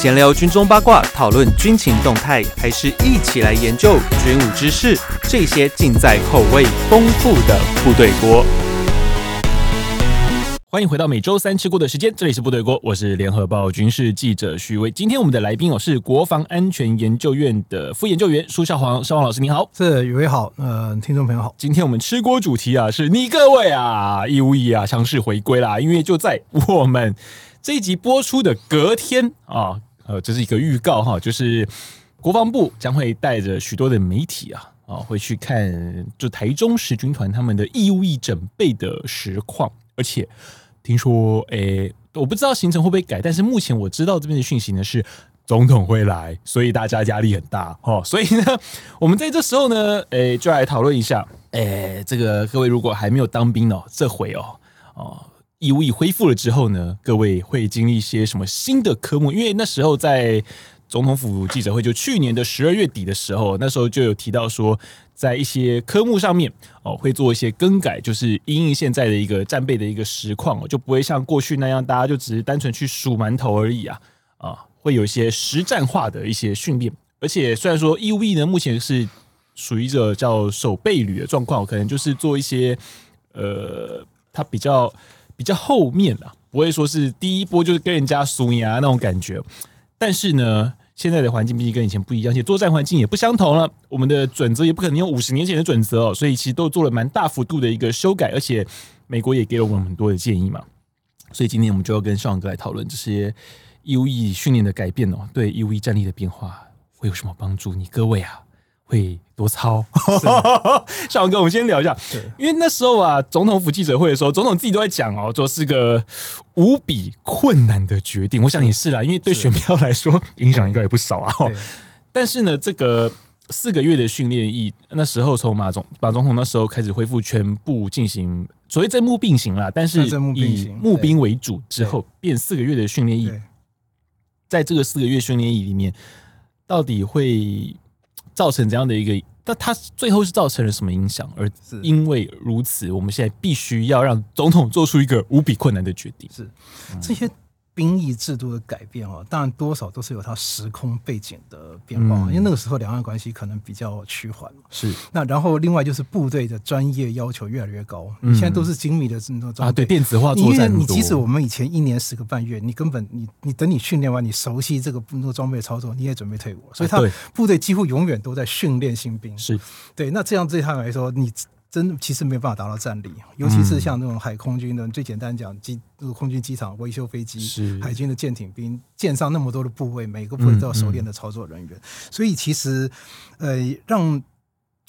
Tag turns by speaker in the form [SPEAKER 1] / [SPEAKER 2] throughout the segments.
[SPEAKER 1] 閒聊軍中八卦，討論軍情動態，還是一起來研究軍武知識？這些盡在口味豐富的部隊鍋。歡迎回到每週三吃鍋的時間，這裡是部隊鍋，我是聯合報軍事記者徐宇威。今天我們的來賓啊，是國防安全研究院的副研究員舒孝煌，孝煌老師您好，是宇威好，嗯、呃，聽眾朋友好。今天我們吃鍋主題啊，是你各位啊，義務役啊，強勢回歸啦，因為就在我們這一集播出的隔天啊。呃，這是一個預告哈，就是國防部將會帶着許多的媒體啊啊，會去看就台中十軍團他們的義務役整備的實況，而且聽說誒、欸，我不知道行程會不會改，但是目前我知道這邊的訊息呢是總統會來，所以大家壓力很大哦，所以呢，我們在這時候呢，誒、欸，就來討論一下，誒、欸，這個各位如果還沒有當兵哦，這回哦，哦。義務役恢復了之後呢，各位會經歷一些什麼新的科目？因為那時候在總統府記者會，就去年的十二月底的時候，那時候就有提到說，在一些科目上面哦，會做一些更改，就是因應現在的一個戰備的一個實況，就不會像過去那樣，大家就只是單純去數饅頭而已啊啊，會有一些實戰化的一些訓練。而且雖然說義務役呢，目前是屬於這叫守備旅的狀況，可能就是做一些呃，它比較。比較後面啦，啊，不會說是第一波就是跟人家俗牙，啊、那種感覺，但是呢，現在的環境畢竟跟以前不一樣，而且作戰環境也不相同了。我們的準則也不可能用五十年前的準則哦，所以其實都做了蠻大幅度的一個修改，而且美國也給了我們很多的建議嘛。所以今天我們就要跟舒哥來討論這些 U E 訓練的改變哦，對 U E 戰力的變化會有什麼幫助你？你各位啊。會多操， 小王哥，我們先聊一下。因為那時候啊，總統府記者會的時候，總統自己都在講哦、喔，說是個無比困難的決定。我想也是啦，因為對選票來說，影響應該也不少啊。但是呢，這個四個月的訓練役，那時候從馬總、馬總統那時候開始恢復，全部進行所謂徵募並行啦，但是以募兵為主之後，變四個月的訓練役。在這個四個月訓練役裡面，到底會？造成這樣的一個？但它最後是造成了什麼影響？而因為如此，我們現在必須要讓總統做出一個無比困難的決定。是、嗯、
[SPEAKER 2] 這些。兵役制度的改變哦，當然多少都是有它時空背景的變化，嗯，因為那個時候兩岸關係可能比較趨緩嘛。是。那然後另外就是部隊的專業要求越來越高，嗯，現在都是精密的這麼多裝備。啊，對，電子化作戰。你，你即使我們以前一年十個半月，你根本你你等你訓練完，你熟悉這個工作裝備的操作，你也準備退伍。所以他部隊幾乎永遠都在訓練新兵。是，啊。對，那這樣對他來說，你。真的其實沒有辦法達到戰力，尤其是像那種海空軍的，嗯、最簡單講機，那個、就是、空軍機場維修飛機，海軍的艦艇兵，艦上那麼多的部位，每個部位都要熟練的操作人員、嗯嗯，所以其實，呃，讓。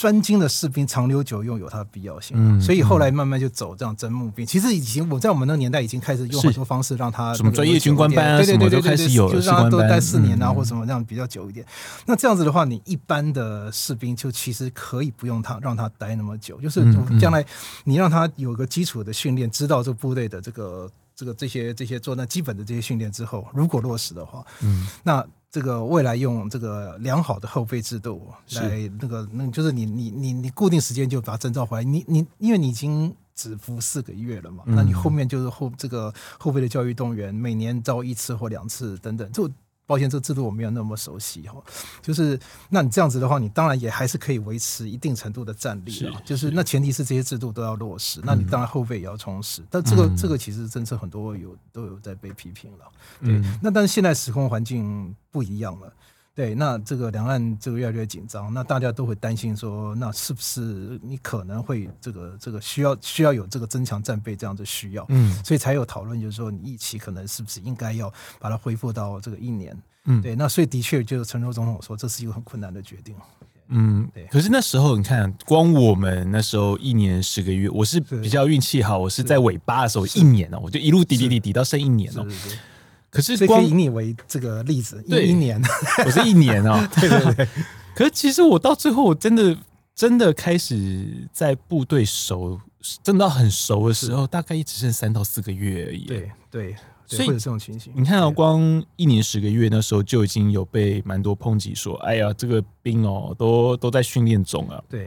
[SPEAKER 2] 專精的士兵長留久用有它的必要性，嗯，所以後來慢慢就走這樣徵募兵。其實已經我在我們那個年代已經開始用很多方式讓他什麼專業軍官班啊，對，對，對對對對對對就開始有，就是讓他多待四年啊，或者什麼這樣比較久一點。那這樣子的話，你一般的士兵就其實可以不用他讓他待那麼久，就是將來你讓他有個基礎的訓練，知道這部隊的這個這個這些這些做那基本的這些訓練之後，如果落實的話，嗯，那。這個未來用這個良好的後備制度來那個，那就是你你你你固定時間就把徵召回來，你你因為你已經只服四個月了嘛，那你後面就是後這個後備的教育動員，每年招一次或兩次等等，就。抱歉，這個制度我沒有那麼熟悉哈。就是，那你這樣子的話，你當然也還是可以維持一定程度的戰力啊。就是，那前提是這些制度都要落實，啊啊、那你當然後備也要充實。嗯、但這個這個其實政策很多有都有在被批評了、嗯。對，那但是現在時空環境不一樣了。對，那這個兩岸這個越來越緊張，那大家都會擔心說，那是不是你可能會這個這個需要需要有這個增強戰備這樣的需要？嗯，所以才有討論，就是說你役期可能是不是應該要把它恢復到這個一年？嗯，對，那所以的確就是陳總統說這是一個很困難的決定。嗯，對。
[SPEAKER 1] 可是那時候你看，光我們那時候一年十個月，我是比較運氣好，是我是在尾巴的時候一年呢、哦，我就一路滴,滴、滴,滴、滴、滴到剩一年了、哦。
[SPEAKER 2] 可是光，光以，以，以你為這個例子，一,一年，
[SPEAKER 1] 我是一年哦，對對對 。
[SPEAKER 2] 可是，其實我到最後，我真
[SPEAKER 1] 的真的開始在部隊熟，真的到很熟的時候，大概也只剩三到四個月而已。對對，
[SPEAKER 2] 對，所以這種情
[SPEAKER 1] 形，你看到、啊、光一年十個月，那時候就已經有被蠻多抨擊，說，哎呀，這個兵哦，都都在訓練中啊。對，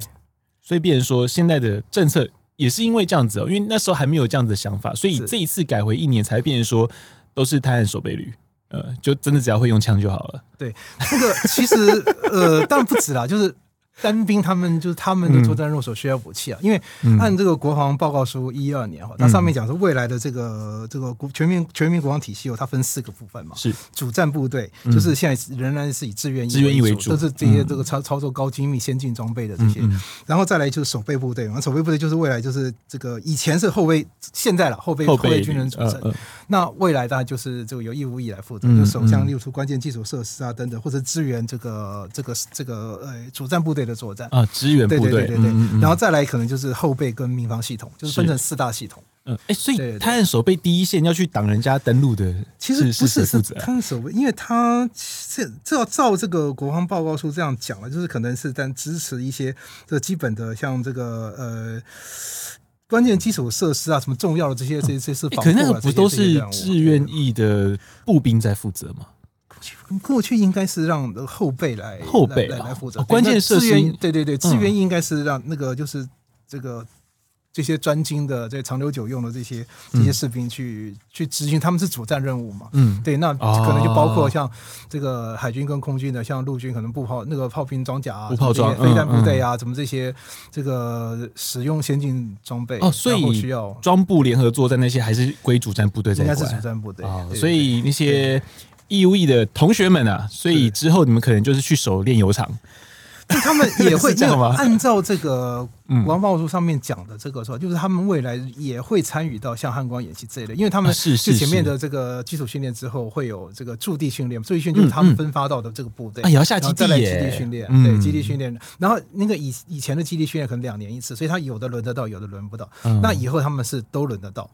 [SPEAKER 1] 所以變成說現在的政策也是因為這樣子哦，因為那時候還沒有這樣子的想法，所以這一次改回一年，才變成說。都是擔任守備旅，呃，就真的只要會用槍就好了。
[SPEAKER 2] 對，那、這個其實 呃，當然不止啦，就是。單兵他們就是他們的作戰入手需要武器啊，因為按這個國防報告書一二年，哈，它上面講說未來的這個這個國全民全民國防體系有它分四個部分嘛，是主戰部隊就是現在仍然是以志願役為主，就是這些這個操操作高精密先進裝備的這些，然後再來就是守備部隊嘛，守備部隊就是未來就是這個以前是後備，現在了後備後備軍人組成，那未來大概就是這個由義務役來負責，就首相六處關鍵基礎設施啊等等或者支援這個這個這個呃、哎、主戰部隊。的作戰啊，支援部隊，對對對對對、嗯嗯，然後再來可能就是後備跟民防系統，是就是分成四大系統。嗯，哎、欸，所以灘
[SPEAKER 1] 對對對守備第一線要去擋人家登陸的，其實不是是灘
[SPEAKER 2] 守備，啊、因為他這這要照這個國防報告書這樣講了，就是可能是在支持一些這基本的，像這個呃關鍵基礎設施啊，什麼重要的這些、嗯、這些這些是這些、欸，可是不都是志
[SPEAKER 1] 願役的步兵在負責嗎？
[SPEAKER 2] 過去應該是讓後輩來後輩來負責、哦、關鍵資源、嗯。對對對，資源應該是讓那個就是這個這些專精的、在、嗯、長留久用的這些這些士兵去去執行。他們是主戰任務嘛？嗯，對。那可能就包括像這個海軍跟空軍的，像陸軍可能步炮那個炮兵、裝甲啊、步兵、飛彈部隊啊，什、嗯嗯、麼這些這個使用先進裝備哦，所以需要
[SPEAKER 1] 裝步聯合作戰那些還是歸主戰部隊在，應該是主戰
[SPEAKER 2] 部隊，所
[SPEAKER 1] 以那些。義務役的同學們啊，所以之後你們可能就是去守煉油廠，就
[SPEAKER 2] 他們也會 這樣按照這個國防白皮書上面講的這個是吧、嗯？就是他們未來也會參與到像漢光演習這一類，因為他們是是前面的這個基礎訓練之後會有這個駐地訓練，駐、啊、是是是地訓練就是他們分發到的這個部隊、嗯嗯啊、也要下基地、欸、再來基地訓練、嗯，對基地訓練。然後那個以以前的基地訓練可能兩年一次，所以他有的輪得到，有的輪不到、嗯。那以後他們是都輪得到。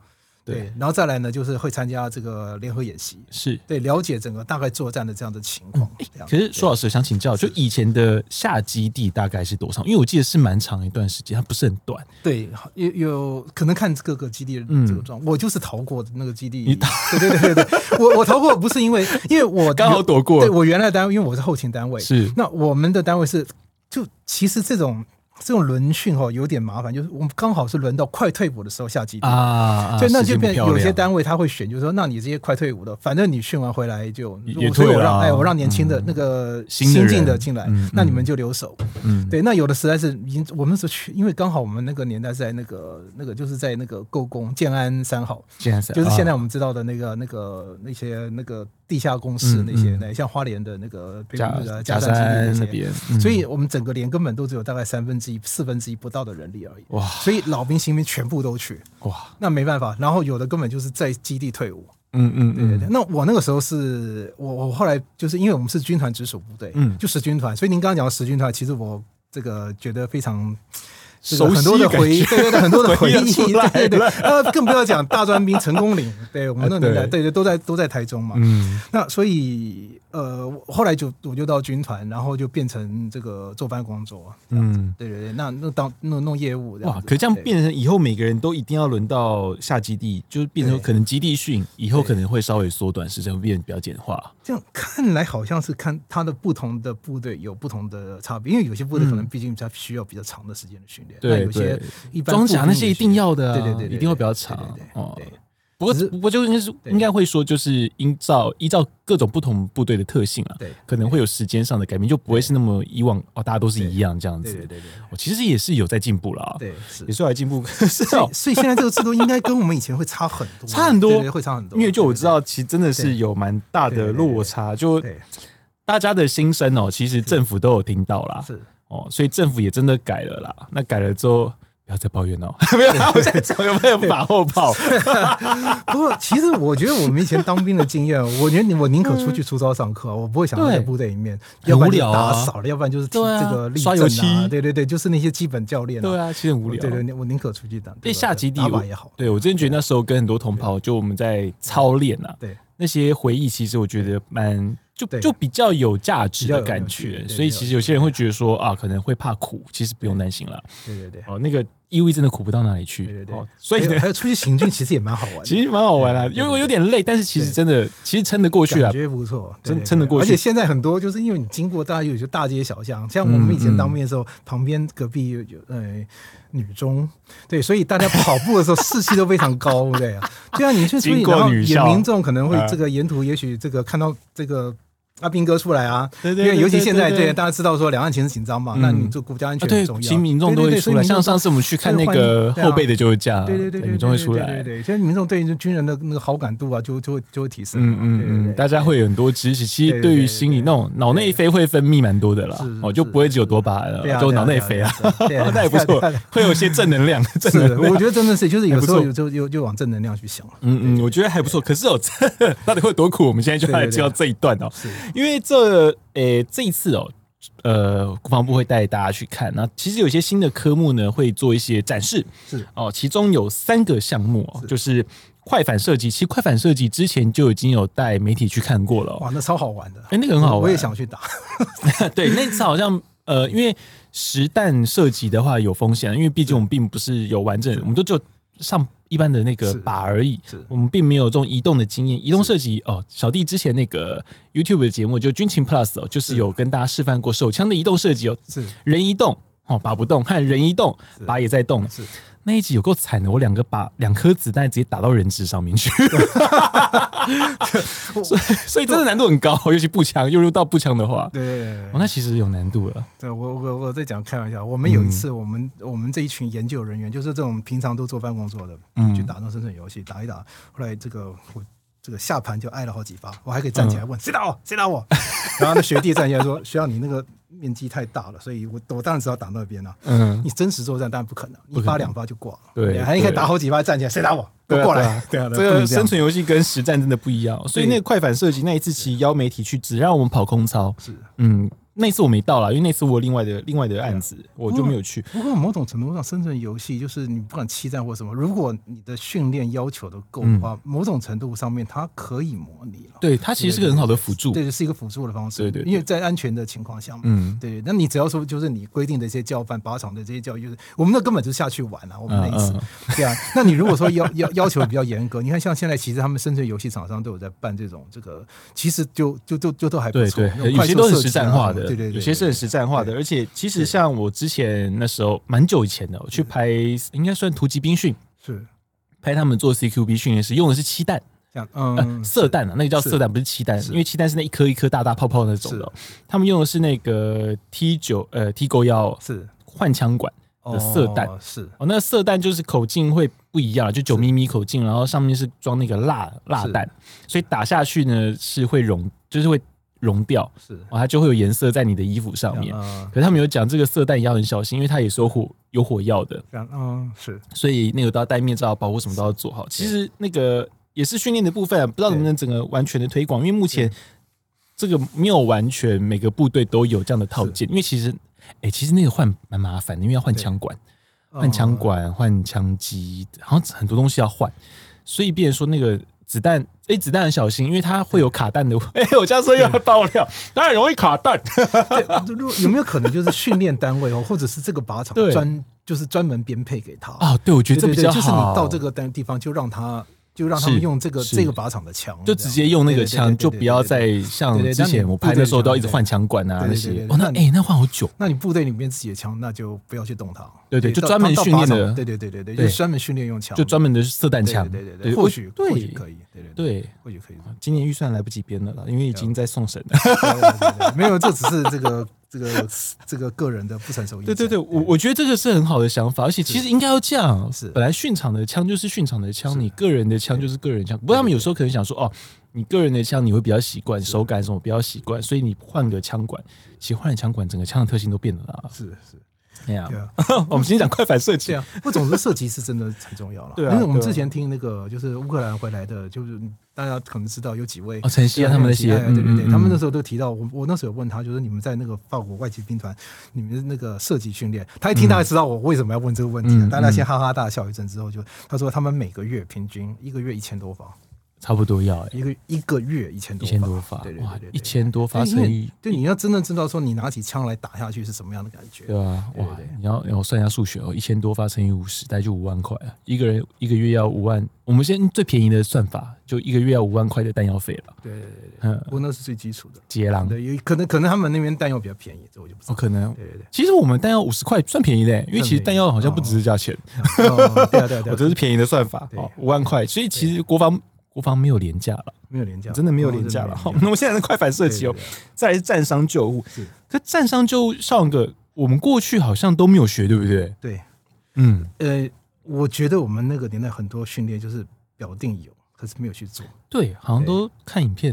[SPEAKER 2] 對，然後再來呢，就是會參加這個聯合演習，是，對，了解整個大概作戰的這樣的情況、嗯。
[SPEAKER 1] 其實舒老師，想請教，就以前的下基地大概是多長？因為我記得是蠻長一段時間，它不是很短。
[SPEAKER 2] 對，有有可能看各個基地的這種狀況、嗯。我就是逃過的那個基地，你逃？對對對對，我我逃過，不是因為 因為我，我剛好躲過了。對，我原來的單位，因為我是後勤單位，是。那我們的單位是，就其實這種。這種輪訓哈，有點麻煩，就是我們剛好是輪到快退伍的時候下基地。啊，啊，啊，啊，所以那這邊有些單位他會選，啊啊啊就是說，那你這些快退伍的，反正你訓完回來就也退了、啊所以我讓，哎，我讓年輕的那個新進的進來、嗯的嗯嗯，那你們就留守。嗯，對，那有的實在是已經我們是去，因為剛好我們那個年代在那個那個就是在那個夠工建安三號，建安三就是現在我們知道的那個那個那些那個。那地下工事那些，那、嗯嗯、像花蓮的那個加上加山，加山那邊、嗯，所以我們整個連根本都只有大概三分之一、四分之一不到的人力而已。哇！所以老兵新兵全部都去。哇！那沒辦法，然後有的根本就是在基地退伍。嗯嗯，嗯對，對對。那我那個時候是我，我後來就是因為我們是軍團直屬部隊，嗯，就十軍團，所以您剛剛講的十軍團，其實我這個覺得非常。熟悉的很多的回憶，對對對， 很多的回憶，對對對，對。那、 啊、更不要講大專兵成功嶺， 對我們那年代，對對，對，都在都在台中嘛。嗯，那所以。呃，後來就我就到軍團，然後就變成這個坐辦公桌。嗯，對對對，那那當弄弄，弄，弄業務的、啊。哇，
[SPEAKER 1] 可這樣變成以後每個人都一定要輪到下基地，就是變成可能基地訓以後可能會稍微縮短時間，會變比較簡化。
[SPEAKER 2] 這樣看來好像是看他的不同的部隊有不同的差別，因為有些部隊可能畢竟他需要比較長的時間的訓練。對、嗯、有些一般裝甲那些一定要的，對對對，一定會比較長。對對。
[SPEAKER 1] 不過，不過就應該是應該會說，就是依照依照各種不同部隊的特性啊，可能會有時間上的改變，就不會是那麼以往哦，大家都是一樣這樣子。對對對,對，我其實也是有在進步啦、啊，對是，也是有在進步、 哦所以。所以現
[SPEAKER 2] 在這個制度應該跟我們以前會差很多，差很多對對對會
[SPEAKER 1] 差很多。因為就我知道，其實真的是有蠻大的落差對對對對。就大家的心聲哦，其實政府都有聽到啦，是,是哦，所以政府也真
[SPEAKER 2] 的改了啦。那改了之後。
[SPEAKER 1] 不要再抱怨了，沒有，我在找有沒有馬後炮。
[SPEAKER 2] 不過，其實我覺得我們以前當兵的經驗，我覺 得我寧可出去出操上課，啊，我不會想到在部隊裡面，要不然就是打掃要不然就是這個刷油漆，對對對，就是那些基本教練，對啊，其實很無聊。對對，對，我寧可出去打。對，對下基地玩也
[SPEAKER 1] 好。對我真的覺得那時候跟很多同袍，就我們在操練啊，對那些回憶，其實我覺得蠻就，就就比較有價值的感覺。所以其實有些人會覺得說啊，可能會怕苦，其實不用擔心了。對對對，哦那個。因為真的苦不到哪裡去，對對對，哦、所以還
[SPEAKER 2] 有出去行軍其實也蠻好玩的， 其
[SPEAKER 1] 實蠻好玩的啊，因為我有點累，但是其實真的其實撐得過去啊，感覺
[SPEAKER 2] 不錯，真撐得過去。而且現在很多就是因為你經過大，大家有些大街小巷，像我們以前當兵的時候嗯嗯，旁邊隔壁有有呃女中，對，所以大家跑步的時候士氣都非常高， 對呀、啊。就像你去出去，經過女校，然後也民眾可能會這個沿途也許這個看到這個。阿、啊、兵哥出來啊對對對對對對對對，因為尤其現在對大家知道說兩岸情勢緊張嘛，嗯、那你做國家安全，新、啊、民眾都會出來對對對，像上次我們去看那個後備的就會講，對，啊、對，對對對，民眾會出來，對對，現在民眾對於軍人的那個好感度啊就，就會就會就會提升，嗯嗯嗯，大家
[SPEAKER 1] 會有很多支
[SPEAKER 2] 持。其實對於
[SPEAKER 1] 心理那種腦內啡會分泌蠻多的啦，哦，就不會只有多巴，胺了，就腦內啡啊，那也不錯，會有些正能量。真的，我覺得真的是，就是有時候有
[SPEAKER 2] 就就往正能量去想了。
[SPEAKER 1] 嗯嗯，我覺得還不錯。可是哦，到底會有多苦？我們現在就來講這一段哦。因為這誒、欸，這一次哦、喔，呃國防部會帶大家去看，那其實有些新的科目呢會做一些展示，
[SPEAKER 2] 是
[SPEAKER 1] 哦、喔，其中有三個項目哦、喔，就是快反射擊。其實快反射擊之前就已經有帶媒體去看過了、喔，哇，那超好玩的，誒、欸，那個很好玩，我也想
[SPEAKER 2] 去打。
[SPEAKER 1] 對，那次好像呃，因為實彈射擊的話有風險，因為畢竟我們並不是有完整，我們都只有上。一般的那個靶而已，我們並沒有這種移動的經驗。移動射擊哦，小弟之前那個 YouTube 的節目就軍情 Plus 哦，就是有跟大家示範過手槍的移動射擊哦，是人移動哦，靶不動，看人移動，靶也在動，是。是。那一集有夠慘的，我兩個把兩顆子彈直接打到人質上面去， 所以所以真的難度很高，尤其步槍。又說到步槍的話，對，對，
[SPEAKER 2] 對，對，
[SPEAKER 1] 那其實有難度了。
[SPEAKER 2] 對，我我我在講開玩笑，我們有一次，嗯、我們我們這一群研究人員，就是這種平常都做辦公作的，嗯，去打那種生存遊戲，打一打，後來這個我這個下盤就挨了好幾發，我還可以站起來問誰打我誰打我， 然後那學弟站起來說學長你那個。面積太大了，所以我我當然知道打那邊了、啊。嗯，你真實作戰當然不可能，一發兩發就掛了。對，對對還應該打好幾發站起來，誰打我？啊、都過來。對、啊對，啊對，啊對啊、這個這生
[SPEAKER 1] 存遊戲跟實戰真的不一樣。所以那個快反射擊，那一次，其實邀媒體去，只讓我們跑空操。是，嗯。那次我沒到了，因為那次我有另外的另外的案子，yeah. 我就沒有去
[SPEAKER 2] 我。不過某種程度上，生存遊戲就是你不管欺詐或什麼，如果你的訓練要求都夠的話，嗯、某種程度上面它可以模擬了、啊。對，它其實是一個很好的輔助，對，就是一個輔助的方式。對對,對，因為在安全的情況下嘛。嗯。對對。那你只要說，就是你規定的一些教範、靶場的這些教育，就是我們那根本就下去玩啊我們那一次，嗯嗯對啊。那你如果說要要要求比較嚴格， 你看像現在，其實他們生存遊戲廠商都有在辦這種這個，其實就就就就都還不錯、啊，有些都是實戰化的。對對對，有些是很實戰化的，而且其實像我之前
[SPEAKER 1] 那時候蠻久以前的，我去拍是是應該算突擊兵訓，是，是拍他們做 CQB 訓練時用的是漆彈，這樣，嗯、呃，色彈啊，那個叫色彈，是，不是漆彈，因為漆彈是那一顆一顆大大泡泡那種的，他們用的是那個 T9、呃、T 九呃 T 九幺是換槍管的色彈，哦哦是哦，那色彈就是口徑會不一樣，就九咪咪口徑，然後上面是裝那個蠟蠟彈，所以打下去呢是會融，就是會。溶掉是、哦，它就會有顏色在你的衣服上面。啊、可是他們有講這個色彈也要很小心，因為他也是有火有火藥的。嗯、啊，是，所以那個都要戴面罩，保護什麼都要做好。其實那個也是訓練的部分、啊，不知道能不能整個完全的推廣，因為目前這個沒有完全每個部隊都有這樣的套件。因為其實，哎、欸，其實那個換蠻麻煩的，因為要換槍管、換槍管、換槍機，好像很多東西要換，所以變說那個。子彈哎、欸，子彈很小心，因為它會有卡彈的。哎、欸，我這樣說又要爆料，當然容易卡彈。
[SPEAKER 2] 有沒有可能就是訓練單位哦， 或者是這個靶場專就是專門編配給他啊、哦？對，我覺得這比較好對對對。就是你到這個地方就讓他。就讓他們用這個這個靶場的槍，就
[SPEAKER 1] 直接用那個槍，就不要再像之前我拍的時候都要一直換槍管啊那些。哦，那
[SPEAKER 2] 哎、喔，那換、欸、好久。那你部隊裡面自己的槍，那就不要去動它。對對，對，就專門訓練的對。對對對對對，就專門訓練用槍，就專門的射彈槍。對對對，或許或許可以。對對對，或許可
[SPEAKER 1] 以。啊、今年預算來不及編了，啦，因為已經在送審
[SPEAKER 2] 了對對對。沒有，這只是這個。 這個這個個人的不成熟意，
[SPEAKER 1] 對對對，對我我覺得這個是很好的想法，而且其實應該要這樣，是本來訓場的槍就是訓場的槍，你個人的槍就是個人的槍，不過他們有時候可能想說哦，你個人的槍你會比較習慣手感什麼比較習慣，所以你換個槍管，其實換了槍管整個槍的特性都變了啊。是是。是 Yeah.
[SPEAKER 2] Yeah. 對啊，我們先講快反射擊啊，不，總之射擊是真的很重要了。 對為、啊、我們之前聽那個就是烏克蘭回來的，就是大家可能知道有幾位哦，陳曦啊，他們的曦對對對，他們那時候都提到我，我那時候問他，就是你們在那個法國外籍兵團，你們那個射擊訓練，他一聽大概知道我為什麼要問這個問題了，大家先哈哈大笑一陣之後就，就他說他們每個月平均一個月一千多發，
[SPEAKER 1] 差不多要，欸、一
[SPEAKER 2] 個一個月一千多發，一千多發，對對對對，哇，一
[SPEAKER 1] 千多發乘以，
[SPEAKER 2] 欸，對，你要真的知道說你拿起槍來打下去是什麼樣的感覺，對啊，對對對，
[SPEAKER 1] 哇，你要你要算一下數學哦，一千多發乘以五十大概就五萬塊，一個人一個月要五萬，我們先最便宜的算法就一個月要五萬塊的彈藥費了，
[SPEAKER 2] 對對對，嗯，不過那是最基礎的。捷浪，對，有可能可能他們那邊彈藥比較便宜，
[SPEAKER 1] 這我就不知道。哦、可能，對對，對其實我們彈藥五十塊算便宜的，欸，因為其實彈藥好像不只是價錢，哦 哦、對，對，對對對，我只是便宜的算法啊，五、哦、萬塊，所以其實國防。方沒有連假了，沒有連假，真的沒有連假了我。好，那、嗯、麼現在是快反射擊哦，對對對，再來是戰傷救護。是，這戰傷救護上個我們過去好像都沒有學，對不對？對，嗯，
[SPEAKER 2] 呃，我覺得我們那個年代很多訓練就是表定有，可是沒有去做。對，好像都看影片。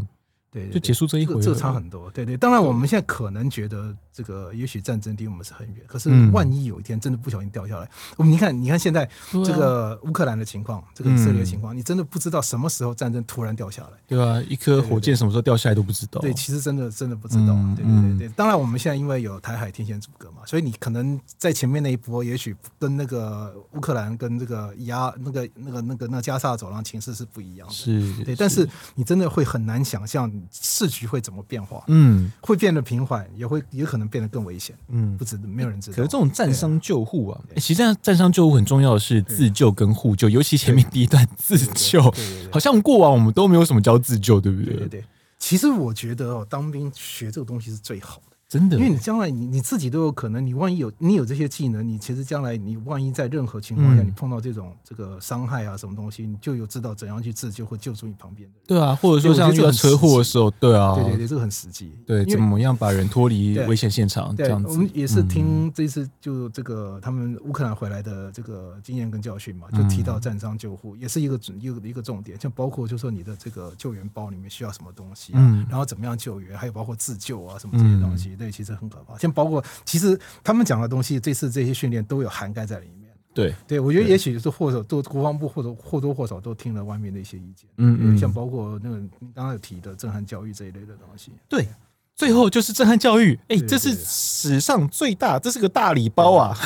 [SPEAKER 2] 對，對，對，對，就結束這一回這，這差很多。對，對對，當然我們現在可能覺得。這個也許戰爭離我們是很遠，可是萬一有一天真的不小心掉下來，嗯、你看，你看現在這個烏克蘭的情況，嗯、這個以色列情況，你真的不知道什麼時候戰爭突然掉下來。對啊，
[SPEAKER 1] 一顆火箭什麼時候掉下來都不知道。對,對，其
[SPEAKER 2] 實真的真的不知道、嗯。對對對對，當然我們現在因為有台海天險阻隔嘛，所以你可能在前面那一波，也許跟那個烏克蘭跟這個亞那個壓那個那個那個、那個、那加沙走廊情勢是不一樣的。是，對是，但是你真的會很難想象時局會怎麼變化。嗯，會變得平緩，也會也可能。變得更危險，嗯，不知沒有人知道。欸、可是這種戰傷救護啊，
[SPEAKER 1] 啊、欸，其實戰傷救護很重要的是自救跟互救、啊，尤其前面第一段自救，對對對，好像過往我們都沒有什麼教自救，對不對？對對、對，
[SPEAKER 2] 其實我覺得哦、喔，當兵學這個東西是最好的。真的，因為你將來你你自己都有可能，你萬一有你有這些技能，你其實將來你萬一在任何情況下，你碰到這種這個傷害啊什麼東西，你就有知道怎樣去自救或救助你旁邊的人。對啊，或者說像遇到車禍的時候，對啊，對對對，對，這個很實際。對，怎麼樣把人脫離危險現場？對，我們也是聽這次就這個他們烏克蘭回來的這個經驗跟教訓嘛，就提到戰傷救護也是一個準，一,一個一個重點，像包括就是說你的這個救援包裡面需要什麼東西啊，然後怎麼樣救援，還有包括自救啊什麼這些東西。對，其實很可怕。像包括，其實他們講的東西，這次這些訓練都有涵蓋在裡面。對對，我覺得也許是或者都國防部或者或多或少都聽了外面的一些意見。嗯嗯，像包括那個你剛剛有提的震撼教育這一類的東西。對，
[SPEAKER 1] 對最後就是震撼教育。哎，這是史上最大，這是個大禮包啊！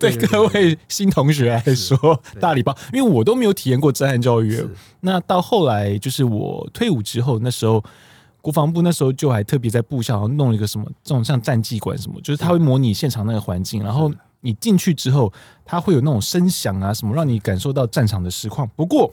[SPEAKER 1] 對， 對，對，對，對，對，對各位新同學來說，大禮包，因為我都沒有體驗過震撼教育。那到後來，就是我退伍之後，那時候。國防部那時候就還特別在部下，然後弄了一個什麼，這種像戰技館什麼，就是它會模擬現場那個環境、 啊，然後你進去之後，它會有那種聲響啊什麼，讓你感受到戰場的實況。不過，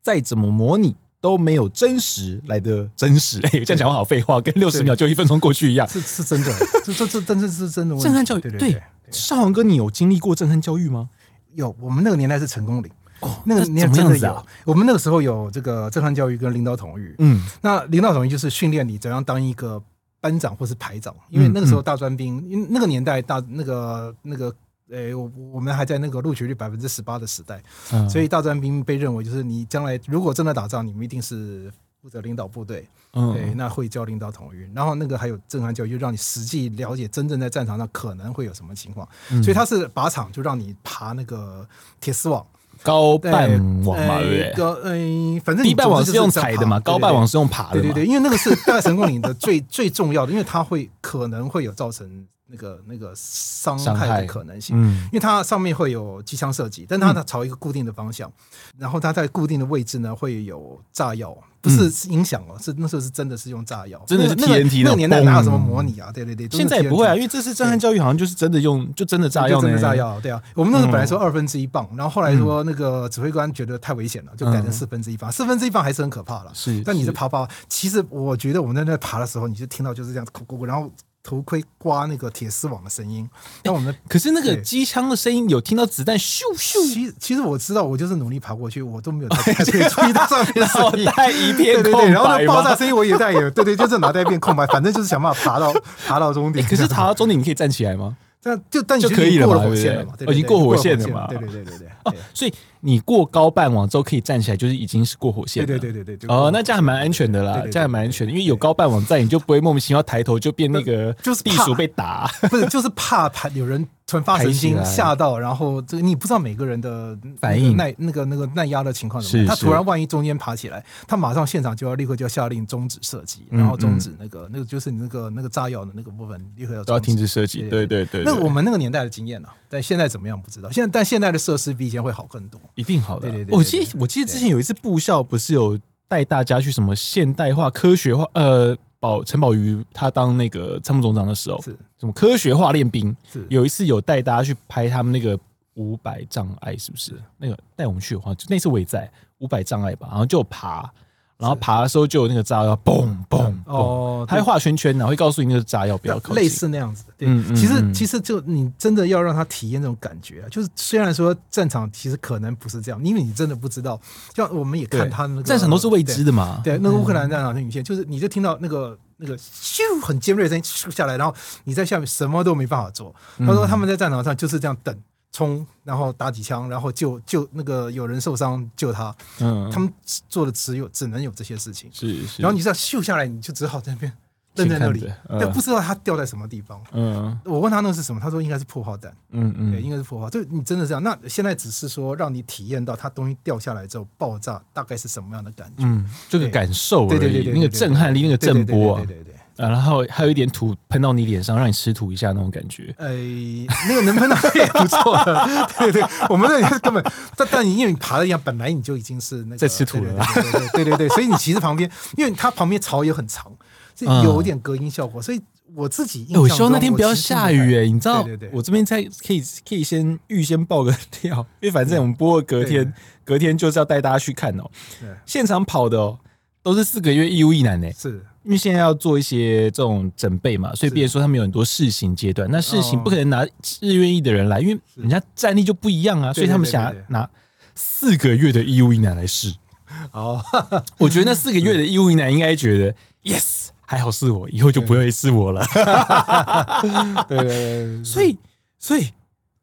[SPEAKER 1] 再怎麼模擬都沒有真實來的真實。哎、欸，這樣講話好廢話，跟六十秒就一分鐘過去一樣。是是，是真的，這
[SPEAKER 2] 這這，這真是是真的。震撼教育，對對對。對啊、孝煌哥，你有經歷過震撼教育嗎？有，我們那個年代是成功嶺。哦，那個怎麼樣子啊？我們那個時候有這個震撼教育跟領導統御。嗯，那領導統御就是訓練你怎樣當一個班長或是排長，因為那個時候大專兵，因、嗯、為、嗯、那個年代大那個那個，誒、那個欸，我們還在那個錄取率百分之十八的時代，嗯、所以大專兵被認為就是你將來如果真的打仗，你們一定是負責領導部隊、嗯。對，那會教領導統御，然後那個還有震撼教育，就讓你實際了解真正在戰場上可能會有什麼情況、嗯。所以他是靶場，就讓你爬那個鐵絲網。高半網嘛，對，高，哎，反正低半網是用踩的嘛，對對對，高半網是用爬的對對對，因為那個是大成功嶺的最 最重要的，因為它會可能會有造成，那個那個傷害的可能性，嗯，因為它上面會有機槍射擊，但它朝一個固定的方向，嗯，然後它在固定的位置呢會有炸藥，不是影響哦，嗯，是那時候是真的，是用炸藥，真的是 TNT 那，那個年代哪有什麼模擬啊，嗯？對對對，TNT，現在也不會啊，因為這次震撼教育，嗯，好像就是真的用，就真的炸藥，真的炸藥，對啊。我們那時候本來說二分之一磅，然後後來說那個指揮官覺得太危險了，就改成四分之一磅，四分之一磅還是很可怕了。是，但你是爬爬是，其實我覺得我們在那爬的時候，你就聽到就是這樣咕咕咕，然後。頭盔刮那個鐵絲網的聲音，欸、我那我們可是那個機槍的聲音，有聽到子彈咻咻。其其實我知道，我就是努力爬過去，我都沒有太。頭盔上面腦袋一片空白，對對，然後爆炸聲音我也在有，對對，就是腦袋一片空白，反正就是想辦法爬到 爬到終點、欸。可是爬到終點你可以站起來嗎？那就但你其實已經過火線了，嘛，了嘛，對對對，已經過火線了嘛？對對對對對，
[SPEAKER 1] 對，對，對，對。哦、啊，所以。你過高半網之後可以站起來，就是已經是過火線了。對對對對對。哦，那這樣還蠻安全的啦。對對對對這樣還蠻安全的，因為有高半網在對對對，你就不會莫名其妙抬頭就變那個，就是地鼠被打，
[SPEAKER 2] 不是，就是怕怕有人突發神經嚇到，然後這個你不知道每個人的個反應耐、那個、那個那個耐壓的情況怎麼樣是是，他突然萬一中間爬起來，他馬上現場就要立刻就要下令終止射擊，然後終止那個嗯嗯那個就是你那個那個炸藥的那個部分立刻要都要停止射擊。對對對,對,對,對,對,對對對。那我們那個年代的經驗呢、啊？但現在怎麼樣不知道。現在但現在的設施比以前會好很多。一定好的，我記，我記得之
[SPEAKER 1] 前有一次部校不是有帶大家去什麼現代化科學化，呃，保陳寶餘他當那個參謀總長的時候，是什麼科學化練兵，是有一次有帶大家去拍他們那個五百障礙，是不是，是？那個帶我們去的話，就那次我也在五百障礙吧，然後就爬。然後爬的時候就有那個炸藥，嘣嘣、嗯。哦，他會畫圈圈，然後會告訴你那是炸藥，不要靠近。類似
[SPEAKER 2] 那樣子的。嗯，其實嗯，其實就你真的要讓他體驗那種感覺，啊、嗯，就是雖然說戰場其實可能不是這樣，因為你真的不知道。像我們也看他，那個戰場都是未知的嘛。對，對那個烏克蘭戰場的女性，就是你就聽到那個、嗯、那個咻很尖銳的聲音咻下來，然後你在下面什麼都沒辦法做。他說他們在戰場上就是這樣等。嗯衝，然後打幾槍，然後救救那個有人受傷，救他。嗯、啊，他們做的只有只能有這些事情。是，是，然後你這樣秀下來，你就只好在那邊愣在那裡，嗯，但不知道他掉在什麼地方。嗯、啊，我問他那是什麼，他說應該是迫砲彈。嗯嗯，對，應該是迫砲。就、嗯嗯、你真的這樣，那現在只是說讓你體驗到它東西掉下來之後爆炸大概是什麼樣的感
[SPEAKER 1] 覺？嗯，這個感受，欸、對，對對對對，那個震撼力，那個震波對對對。啊，然後還有一點土噴到你臉上，讓你吃土一下那種感
[SPEAKER 2] 覺。哎、呃，那個能噴到也不錯的。 對對，我們那裡根本，但但你因為你爬了一樣，本來你就已經是那在、個、吃土了對對對對對對。對對對，所以你其實旁邊， 因為它旁邊草也很長，所以有點隔音效果。所以我自己、嗯，希望那天不要下雨、欸。哎，你知道，我這邊在可
[SPEAKER 1] 以可以先預先報個料，因為反正我們播隔天對對對，隔天就是要帶大家去看哦。現場跑的哦，都是四個月、U、義務役男呢，是。因為現在要做一些這種整備嘛，所以比如說他們有很多試行階段，那試行不可能拿自願意的人來，因為人家戰力就不一樣啊，對對對對所以他們想要拿四個月的義務役男來試。哦， 我覺得那四個月的義務役男應該覺得，yes，還好是我，以後就不用是我了。 對,對,對,對,對,對，所以，所以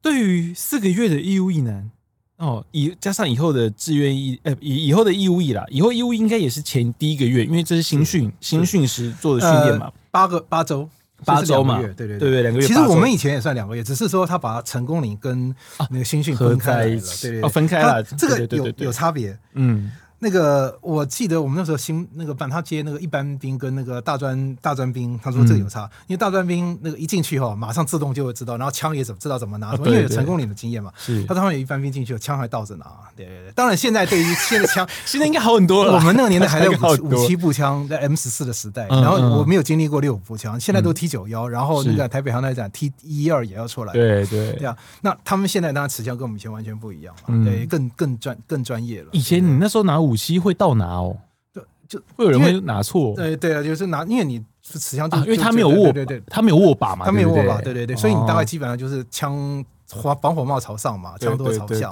[SPEAKER 1] 對於四個月的義務役男。哦，以加上以後的志願役，誒，以以後的義務役啦，以後義務役應該也是前第一個月，因為這是新訓，新訓時做的訓練嘛、
[SPEAKER 2] 呃，八個八周，八周嘛，嘛，對對對對，兩個月。其實我們以前也算兩個月，只是說他把成功嶺跟那個新訓分開來了、啊，對對對，哦、分開了，這個有對對對對對有差別，嗯。那個我記得我們那時候新那個板他接那個一般兵跟那個大專大專兵，他說這有差，嗯，因為大專兵那個一進去後，馬上自動就會知道，然後槍也怎麼知道怎麼拿，因為有成功嶺的經驗嘛。他通常有一般兵進去，槍還倒着拿。對對對。當然現在對於現在槍現在應該好很多了。 我們那個年代還在五七步槍在 M 十四的時代，然後我沒有經歷過六五步槍，現在都 T 九幺，然後那個台北航太展 T 一二也要出來，嗯。對對對那他們現在當然持槍跟我們以前完全不一樣了。對，更更專更專業了。
[SPEAKER 1] 以前你那時候拿五武器會倒拿哦？對，就會有人會拿錯、哦。對，
[SPEAKER 2] 對對啊，就是拿，因為你是持槍、啊，因為他沒有握，對，對對，他沒有握把嘛對對，他沒有握把，對對對，所以你大概基本上就是槍火防火帽朝上嘛，槍托朝下，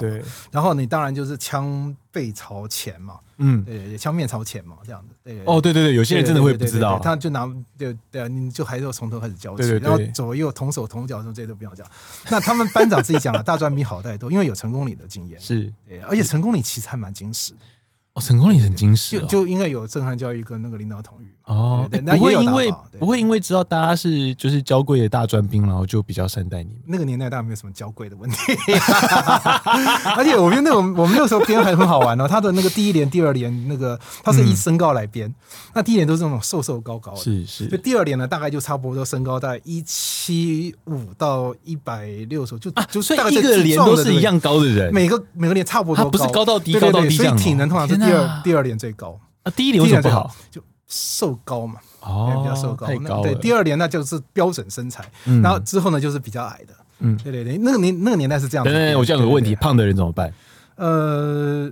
[SPEAKER 2] 然後你當然就是槍背朝前嘛，嗯，對，對，對，槍面朝前嘛，這樣子。對，對，對哦，對對對，有些人真的會不知道，對對對他就拿，對，對啊，你就還是要從頭開始教起，然後左右同手同腳，這些都不要講。 那他們班長自己講了，大專比好帶多，因為有成功嶺的經驗是對，而且成功嶺其實還蠻精實。哦，成功嶺很精實，哦。就就應該有震撼教育跟那個領導同意哦？對對對、欸。不會因為
[SPEAKER 1] 不會因為知道大家是就是嬌貴的大專兵，然後就比較善待你
[SPEAKER 2] 們。那個年代大家沒有什麼嬌貴的問題， 而且我覺得那種、個、我們那個時候編還很好玩哦。他的那個第一連、第二連那個，他是以身高來編、嗯。那第一連都是那種瘦瘦高高的，是是。就第二連呢，大概就差不多身高在一七五到一百六的時候，就、啊、就所以一個連都是一樣高的人，每個每個連差不多。他、啊、不是高到低，對對對高到低、哦，所以體能通常是。第二第二年最高，啊，第一年最不好最高，就瘦高嘛，哦，欸、比較瘦高、哦高那，對，第二年那就是標準身材，嗯，然後之後呢就是比較矮的，嗯，對對對，那個年那個年代是這樣的。等、嗯、等、嗯、那個、嗯，我這樣有個問題，
[SPEAKER 1] 對對對、啊，胖的人怎麼辦？
[SPEAKER 2] 呃。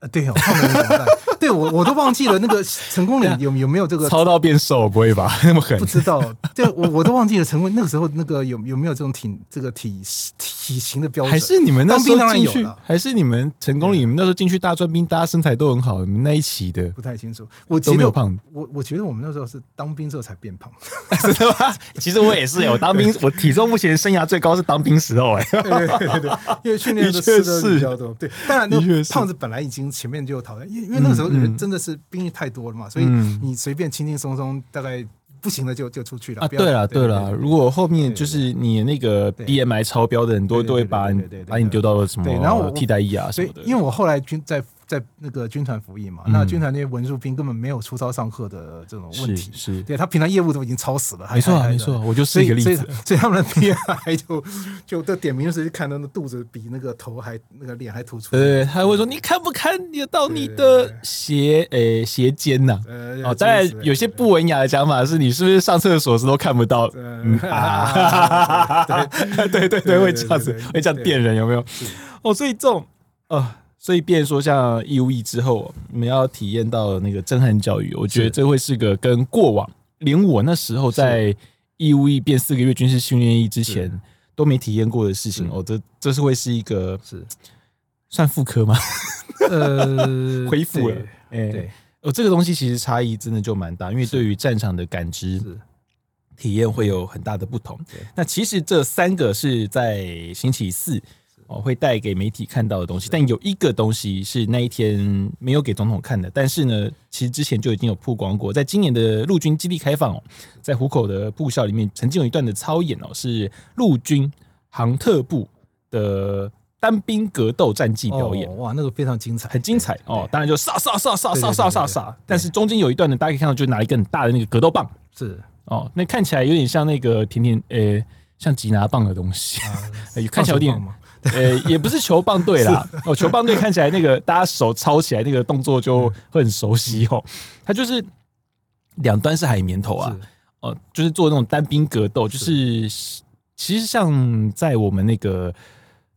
[SPEAKER 2] 啊，對哦，胖了怎麼辦？ 對我我都忘記了那個成功嶺有有沒有這個操到變瘦，
[SPEAKER 1] 不會吧？那麼狠？不知
[SPEAKER 2] 道，對，我我都忘記了成功那個時候那個有有沒有這種體這個體體型的標準？還是你們那時候進去？當兵當然有
[SPEAKER 1] 了，還是你們成功嶺？你們那時候進去大專兵，大家身材都很好，你們那一期的不太清楚，我都沒有胖。
[SPEAKER 2] 我我覺得我們那時候是當兵之後才變胖，是
[SPEAKER 1] 吧？ 其實我也是有、欸、當兵， 我體重目前生涯最高是當兵時候、欸，哎， 對對,對對對，因為訓練 確實吃
[SPEAKER 2] 是，比較多，對，當然胖子本來已經。前面就淘汰，因因為那個時候人真的是兵役太多了嘛，嗯嗯、所以你隨便輕輕鬆鬆大概不行了就就出去了、啊、對了對
[SPEAKER 1] 了，如果後面就是你那個 BMI 超標的人，都會把你把你丟到了什麼然後我替代役啊，所以
[SPEAKER 2] 因為，我後來在，在。在那個軍團服役嘛，嗯、那軍團那些文書兵根本沒有出操上課的這種問題，是，是對他平常業務都已經操死了。沒錯、啊，沒錯、啊，我就是一個例子。所以，所以，所以他們的兵還就就到點名的時候，看到那肚子比那個頭還那個臉還突出。對，對，對，他會
[SPEAKER 1] 說對對對，你看不看得到你的鞋？誒、欸，鞋尖吶、啊？哦，在、喔，有些不文雅的想法是，你是不是上廁所時都看不到對對對？嗯，對對對，會這樣子，對對對對對會這樣電人有沒有？哦、喔，所以這種啊。呃所以，變說像義務役之後，你們要體驗到那個震撼教育，我覺得這會是個跟過往，連我那時候在義務役變四個月軍事訓練役之前都沒體驗過的事情哦、喔。這這是會是一個是算副科嗎？呃，恢復了，對哦，這個東西其實差異真的就蠻大，因為對於戰場的感知體驗會有很大的不同。那其實這三個是在星期四。哦，會帶給媒體看到的東西的。但有一個東西是那一天沒有給總統看的，但是呢，其實之前就已經有曝光過。在今年的陸軍基地開放哦，在湖口的步校裡面，曾經有一段的操演哦，是陸軍航特部的單兵格鬥戰技表演哦。哇，那個非常精彩，很精彩對對對對哦。當然就殺殺殺殺殺殺殺殺，但是中間有一段呢對對對對，大家可以看到，就拿一個很大的那個格鬥棒。是哦，那看起來有點像那個甜甜呃、欸，像吉拿棒的東西，啊欸、看起來有點。欸、也不是球棒隊啦，哦，球棒隊看起來那個 大家手抄起來那個動作就會很熟悉哦。嗯、它就是兩端是海綿頭啊，哦，就是做那種單兵格鬥，就是,是其實像在我們那個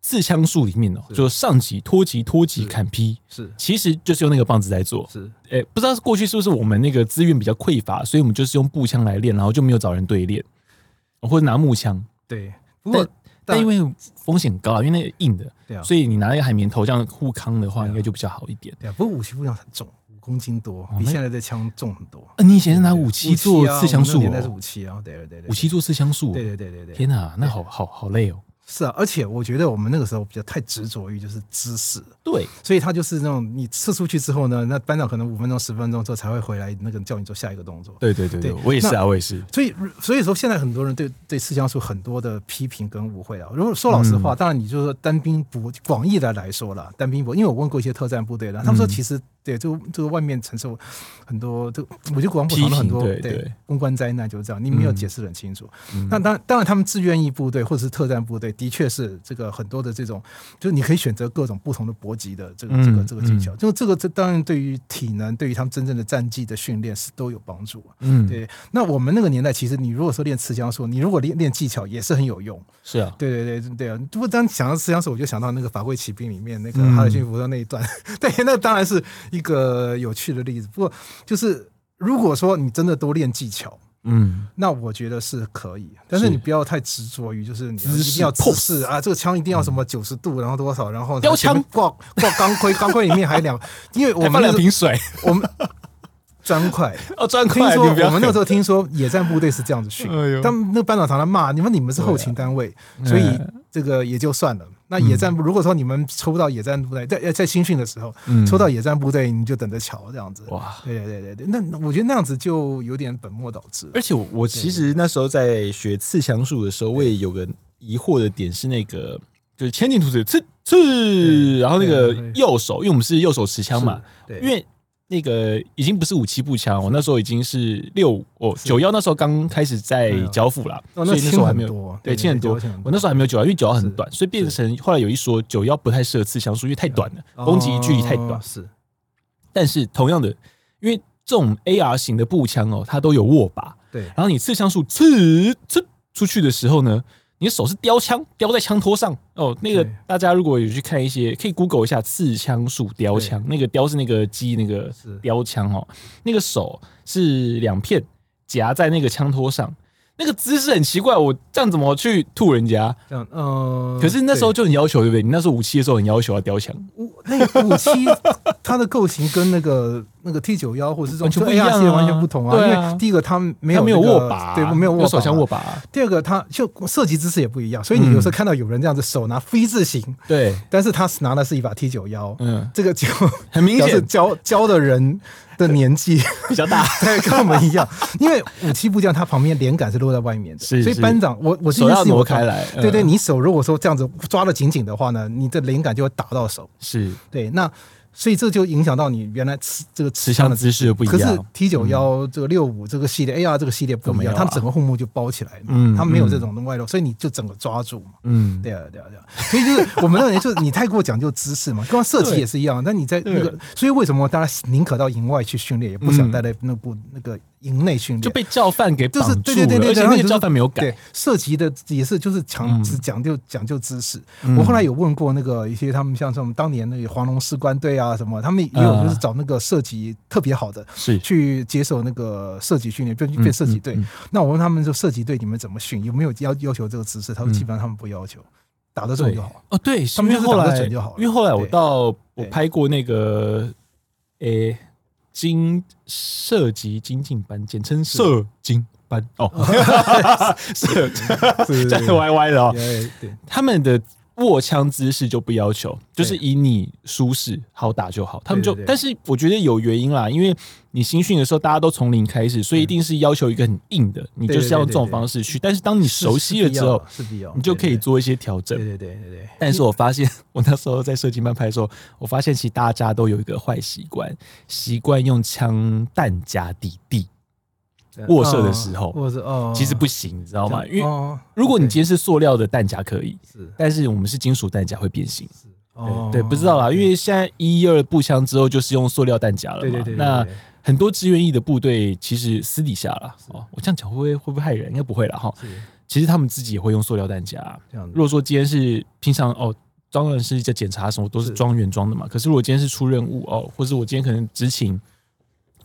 [SPEAKER 1] 刺槍術裡面哦，是就上刺托擊托擊砍劈，是，其實就是用那個棒子在做。是，欸、不知道是過去是不是我們那個資源比較匱乏，所以我們就是用步槍來練，然後就沒有找人對練，或者拿木槍。對，不過。但因為風險高啊，因為那個硬的，對啊、所以你拿一個海綿頭這樣護康的話，應該就比較好
[SPEAKER 2] 一點。對啊，不過武器不一樣很重，五公斤多，比現在的槍重很多。
[SPEAKER 1] 啊，呃、你以前是拿武器做刺槍術啊？年代是武
[SPEAKER 2] 器啊，對對對，對武器做刺槍術，對對對對對。天哪、啊，那好好好累哦。對對對對。是啊，而且我覺得我們那個時候比較太執着於就是姿勢，對，所以他就是那種你刺出去之後呢，那班長可能五分鐘、十分鐘之後才會回來，那個叫你做下一個動作。對對對、對、對，我也是啊，我也是。所以所以說，現在很多人對對刺槍術很多的批評跟誤會啊。如果說老實話，嗯、當然你就是說單兵不廣義的來說了，單兵不，因為我問過一些特戰部隊的，他們說其實。對，就這個外面承受很多，這我覺得國防部很多對公關，關災難就是這樣，你沒有解釋得很清楚。嗯、那當當然，當然他們志願役部隊或者是特戰部隊，的確是這個很多的這種，就是你可以選擇各種不同的搏擊的這個、嗯、這個這個技巧。嗯、就這個這當然對於體能，對於他們真正的戰技的訓練是都有幫助嗯，對。那我們那個年代，其實你如果說練刺槍術，你如果練練技巧也是很有用。是啊，對對對對啊！不過當想到刺槍術，我就想到那個《法櫃奇兵》裡面那個哈里遜福特那一段。嗯、 對，那當然是。一個有趣的例子，不過就是如果說你真的多練技巧，嗯，那我覺得是可以，但是你不要太執着於就是你是一定要姿勢，啊，這個槍一定要什麼九十度，嗯，然後多少，然後要槍掛掛，掛鋼盔， 鋼盔裡面還兩，因為我們那兩瓶水，我們磚塊哦磚塊，哦，塊我們那時候聽說野戰部隊是這樣子訓，哎，但他們那班長常常罵你們，你們是後勤單位，啊，所以這個也就算了。那野戰部、嗯，如果說你們抽不到野戰部隊，在在新訓的時候、嗯、抽到野戰部隊，你就等着瞧這樣子。哇，對對對對對，那我覺得那樣子就有點本末倒置。
[SPEAKER 1] 而且我我其實那時候在學刺槍術的時候，我也有個疑惑的點是，那個就是前進突刺，刺刺，然後那個右手，因為我們是右手持槍嘛對，因為。那個已經不是五七步槍我那時候已經是六五哦是九幺，那時候剛開始在交付了、啊，所以那時候還沒有對，七很多,很多,很多，我那時候還沒有九幺，因為九幺很短，所以變成後來有一說九幺不太適合刺槍術，因為太短了，啊、攻擊距離太短、哦。是，但是同樣的，因為這種 A R 型的步槍哦，它都有握把，對，然後你刺槍術刺刺出去的時候呢。你的手是雕槍，雕在槍托上哦。Oh, 那個大家如果有去看一些，okay. 可以 Google 一下刺槍術、雕槍。那個雕是那個雞，那個雕槍哦、喔。那個手是兩片夾在那個槍托上。那個姿勢很奇怪，我這樣怎麼去吐人家？
[SPEAKER 2] 嗯、呃，可是那時候
[SPEAKER 1] 就很要求，對不對，對？你那時候五七的時候很要求要雕槍。五那五、個、七
[SPEAKER 2] 它的構型跟那個 那個 T 九幺或者是這種完全不一樣、啊，完全不同啊，啊。因為第一個它沒有、那個、它沒有握把、啊，對，沒有握把，手槍握把、啊。第二個它就射擊姿勢也不一樣，所以你有時候看到有人這樣子手拿 V 字形，對、嗯，但是他拿的是一把 T 九幺，嗯，這個就很明顯教教的人。年紀比較大， 跟我們一樣，因為武器部將他旁邊連桿是落在外面的，所以班長，我我是手要挪開來，對對，你手如果說這樣子抓的緊緊的話呢，你的連桿就會打到手，是對，那。所以這就影響到你原來持這個持槍的持姿勢不一樣。可是 T 九幺這個六五這個系列、嗯、，AR 這個系列不一樣，怎麼樣啊，它整個護木就包起來，嗯，它沒有這種的外露、嗯，所以你就整個抓住嘛。嗯，對啊，對啊，對啊。對啊，所以就是我們認為就是你太過講究姿勢嘛， 跟射擊也是一樣。那你在那個，所以為什麼大家寧可到營外去訓練，也不想待在那部、嗯、那個。營內訓練就被教範給了就是對，對對對對，然後教範沒有改，射擊的也是就是講、嗯、講究講究姿勢，嗯。我後來有問過那個一些他們像這種當年的黃龍士官隊啊什麼，他們也有就是找那個射擊特別好的去接受那個射擊訓練，變變射擊隊，嗯嗯嗯。那我問他們說，射擊隊你們怎麼訓？有沒有要要求這個姿勢？他們基本上他們不要求，嗯、打得準就好。哦，對，他們就是打得準就好了，因為後來對。因為
[SPEAKER 1] 後來我到我拍過那個誒。射擊精進班，簡稱射精班哦，這樣歪歪的哦，yeah, yeah, yeah. 他們的。握槍姿勢就不要求，就是以你舒適好打就好。他們就對對對，但是我覺得有原因啦，因為你新訓的時候大家都從零開始，所以一定是要求一個很硬的，嗯、你就是要用這種方式去對對對對。但是當你熟悉了之後，你就可以做一些調整。對對對對對。但是我發現，我那時候在射擊班拍的時候，我發現其實大家都有一個壞習慣，習慣用槍彈夾抵地。握射的時候，握哦，其實不行，你知道嗎？哦、因為如果你今天是塑料的彈夾，可以，但是我們是金屬彈夾會變形。
[SPEAKER 2] 哦，對，不
[SPEAKER 1] 知道啦，因為現在一二步槍之後就是用塑料彈夾了對對，對對對。那很多志願役的部隊其實私底下啦，哦、喔，我這樣講會不會，會不會害人？應該不會啦。哈。其實他們自己也會用塑料彈夾、啊。如果說今天是平常哦，當然是在檢查的時候都是裝原裝的嘛。可是如果今天是出任務哦、喔，或者我今天可能執勤。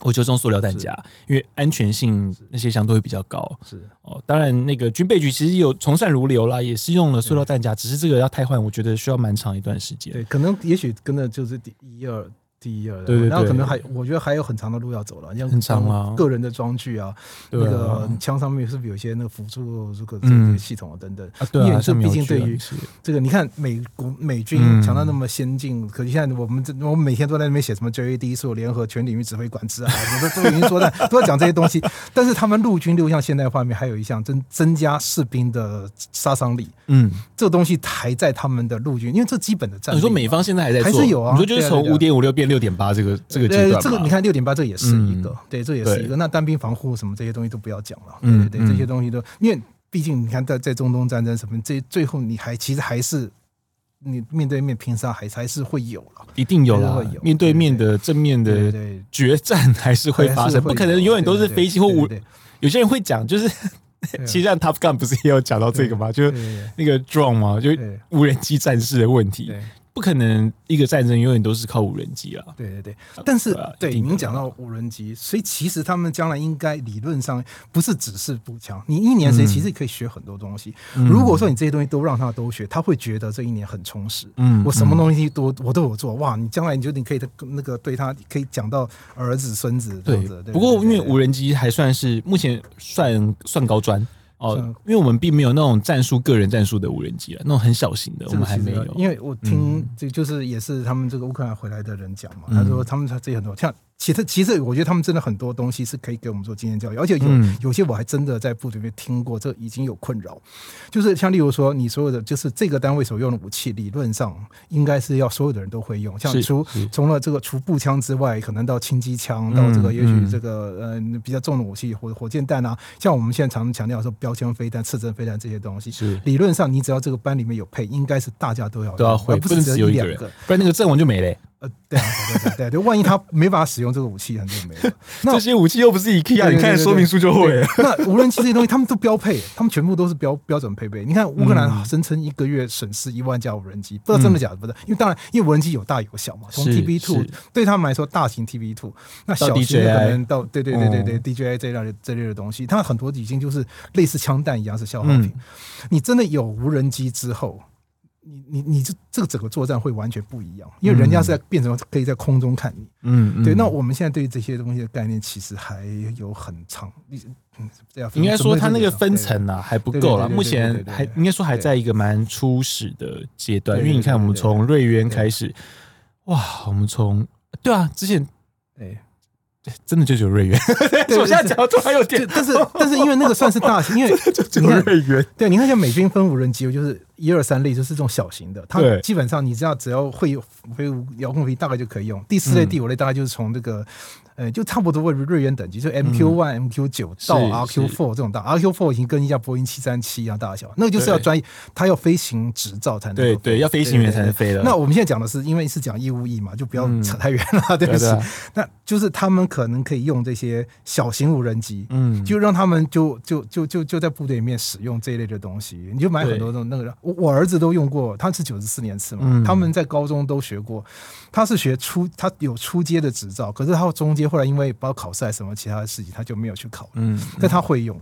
[SPEAKER 1] 我就用塑料彈夾、嗯，因為安全性那些相對會比較高。是，是哦，當然那個軍備局其實有從善如流啦，也是用了塑料彈夾，只是這個要汰換，我覺得需要蠻長一段時間。對，
[SPEAKER 2] 可能也許跟着就是第一二。第一二，啊，然後可能還，我覺得還有很長的路要走了。很長啊！個人的裝具啊，啊，那個槍上面是不是有些那個輔助，啊那個是是個輔助嗯、這個系統啊等等？啊對啊、因為是畢竟對於這個，啊這個、你看美國美軍強到那麼先進，嗯、可是現在我們這，我們每天都在那邊寫什麼 JAD，我聯合全領域指揮管制啊，你都都已經說的 都要講這些東西。但是他們陸軍六項現代化裡面還有一項增增加士兵的殺傷力，嗯，這東西還在他們的陸軍，因為這基本的戰術。你說美方現在還在還是有啊？你說就是從五點
[SPEAKER 1] 五六變。六點八這個這個階段，對對對，這個你看六點八，這也是一個，對，這也是一
[SPEAKER 2] 個。那單兵防護什麼這些東西都不要講了，對對對嗯，對，這些東西都，因為畢竟你看在在中東戰爭什麼，最最後你還其實還是你面對面拼殺還是還是會有了，
[SPEAKER 1] 一定有會有面對面的，對對對，面對面的正面的決戰還是會發生，對對對不可能永遠都是飛機或無人。有些人會講，就是對對對 其實像 Top Gun 不是也有講到這個嗎？對對對就是那個 Drone 嘛，就無人機戰士的問題。對對對對對對不可能一個戰爭永遠都是靠無人機啊
[SPEAKER 2] 對對對，啊、但是、啊對，啊、對，您講到無人機，所以其實他們將來應該理論上不是只是步槍。你一年時間其實可以學很多東西、嗯。如果說你這些東西都讓他都學，他會覺得這一年很充實。嗯，我什麼東西都我都有做，嗯、哇！你將來就你覺得可以那個對他可以講到兒子孫子這樣子，對對對。不過
[SPEAKER 1] 因為無人機還算是目前算算高專。哦，因為我們並沒有那種戰術、個人戰術的無人機啦，那種很小型的是，我們還沒有。因為我聽，
[SPEAKER 2] 這、嗯、就是也是他們這個烏克蘭回來的人講嘛，他說他們才自己很多像。嗯其實，其實我覺得他們真的很多東西是可以給我們做經驗教育，而且有、嗯、有些我還真的在部隊裡面聽過，這已經有困擾。就是像例如說，你所有的就是這個單位所用的武器，理論上應該是要所有的人都會用。像除除了這個除步槍之外，可能到輕機槍到這個，也許這個、嗯嗯、呃比較重的武器或者火、火箭彈啊，像我們現在常強調說標槍飛彈、刺針飛彈這些東西，是理論上你只要這個班裡面有配，應該是大家都要都要、啊、會，不能只有一兩個，
[SPEAKER 1] 不然那個陣亡就沒了、欸。呃，對
[SPEAKER 2] 對、啊、對，對，萬一他沒法使用這個武器，那 就沒了。那這些武器又不是 IKEA 啊，你看說明書就會。對對對對對 對。那無人機這些東西，他們都標配，他們全部都是標標準配備。你看烏克蘭聲稱一個月損失一萬架無人機、嗯，不知道真的假的，不知道，因為當然，因為無人機有大有小嘛，從 TB Two 對他們來說大型 TB Two，那小型的可能到，到 DJI, 對對對對對 DJI 這類、嗯、這類的東西，它很多已經就是類似槍彈一樣是消耗品。嗯、你真的有無人機之後，你你你這個整個作戰會完全不一樣，因為人家是在變成可以在空中看你，嗯，嗯對。那我們現在對這些東西的概念其實還有很長，嗯啊、應該說它那個
[SPEAKER 1] 分層呢、啊、還不夠了。目前還應該說還在一個蠻初始的階段，對對對對對對對對因為你看我們從銳鳶開始，對對對對對對對對哇，我們從對啊之前，哎。真的就有銳鳶，左 下角還有電。但是，
[SPEAKER 2] 但是因為那個算是大型， 因為就銳鳶。對，你看像美軍分無人機，就是一二三類，就是這種小型的。它基本上你知道，只要會飛遙控器，大概就可以用。第四類、嗯、第五類，大概就是從這個。哎、嗯，就差不多，為瑞元等級，就 MQ one、嗯、MQ 九到 RQ four 這種大，RQ four 已經跟一架波音七三七一樣大小，那個就是要專業，它要飛行執照才能飛。對對,對對，要飛行員才能飛的。對對對那我們現在講的是，因為是講義務役嘛，就不要扯太遠了、嗯，對不對、啊？那就是他們可能可以用這些小型無人機，嗯，就讓他們就就就就就在部隊裡面使用這一類的東西。你就買很多種那個，那個、我我兒子都用過，他是九十四年次嘛、嗯，他們在高中都學過。他是學出，他有出街的執照，可是他中間後來因為包括考試還是什麼其他的事情，他就沒有去考嗯。嗯，但他會用，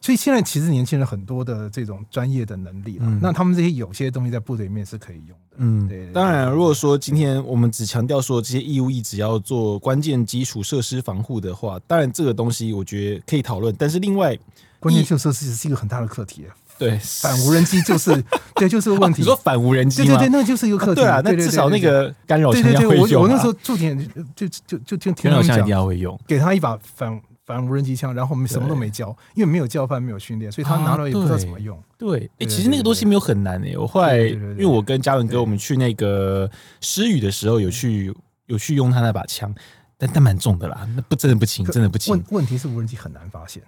[SPEAKER 2] 所以現在其實年輕人很多的這種專業的能力、嗯、那他們這些有些東西在部隊裡面是可以用的。嗯，對、對、對。
[SPEAKER 1] 當然、啊，如果說今天我們只強調說這些義務 E 只要做關鍵基礎設施防護的話，當然這個東西我覺得可以討論。但是另外，關鍵基
[SPEAKER 2] 礎設施是一個很大的課題、啊。對， 反無人機就是，對，就是問題。啊、你說反無人機？對對對，那就是一個課題啊，啊。那至少那個干擾槍要會用、啊。對，對對對，我我那時候駐點就就就就，就，就聽到講。下一定要會用，給他一把反反無人機槍，然後什麼都沒教，因為沒有教範，沒有訓練，所以他拿了也不知道怎麼用。啊、對，哎，其實那個東西沒有很難哎、欸。我後
[SPEAKER 1] 來，對對對對對，因為我跟嘉文哥我們去那個失語的時候，有去有去用他
[SPEAKER 2] 那把槍，但但蠻重的啦，那不真的不輕，真的不輕。問問題是無人機很難發現。